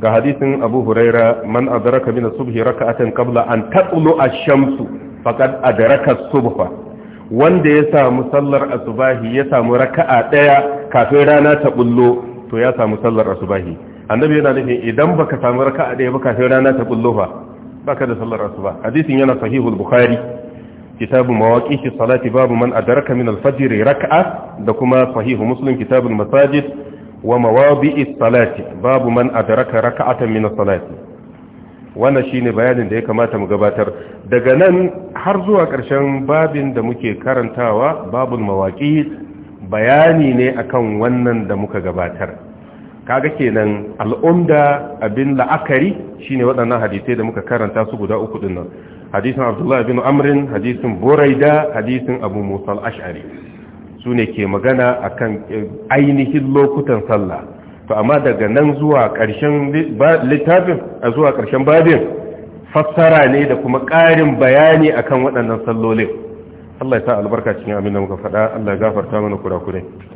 [SPEAKER 1] ga hadisin abu huraira man adraka min subhi raka'atan qabla an tatlu ash-shamsu faqad adraka subha wanda ya samu sallar asubahi ya samu raka'a daya kafin rana ta bullo to ya samu sallar asubahi annabi yana nufin idan baka samu raka'a daya ba kafin rana ta bullo fa baka da sallar asuba hadisin yana sahihul bukhari kitabu mawaqiti salati babu man adraka min al-fajr raka'a da kuma sahihu muslim kitabul masajid wa mawadi'is salati babu man adraka raka min as-salati wannan shine bayanin da ya kamata mu gabatar daga nan har zuwa ƙarshen babin da muke karantawa babul mawaqit bayani ne akan wannan da muka gabatar kaga kenan al'umda abin la'akari shine waɗannan hadisai da muka karanta su guda uku dinnan hadisin Abdullah bin amrin hadisin Buraida hadisin Abu musal ashari su ne ke magana a kan eh, ainihin lokutan sallah to amma daga nan zuwa ƙarshen littafin a zuwa ƙarshen babin fassara ne da kuma ƙarin bayani akan waɗannan sallolin Allah ya sa albarka cikin amina muka faɗa Allah ya gafarta mana kurakurai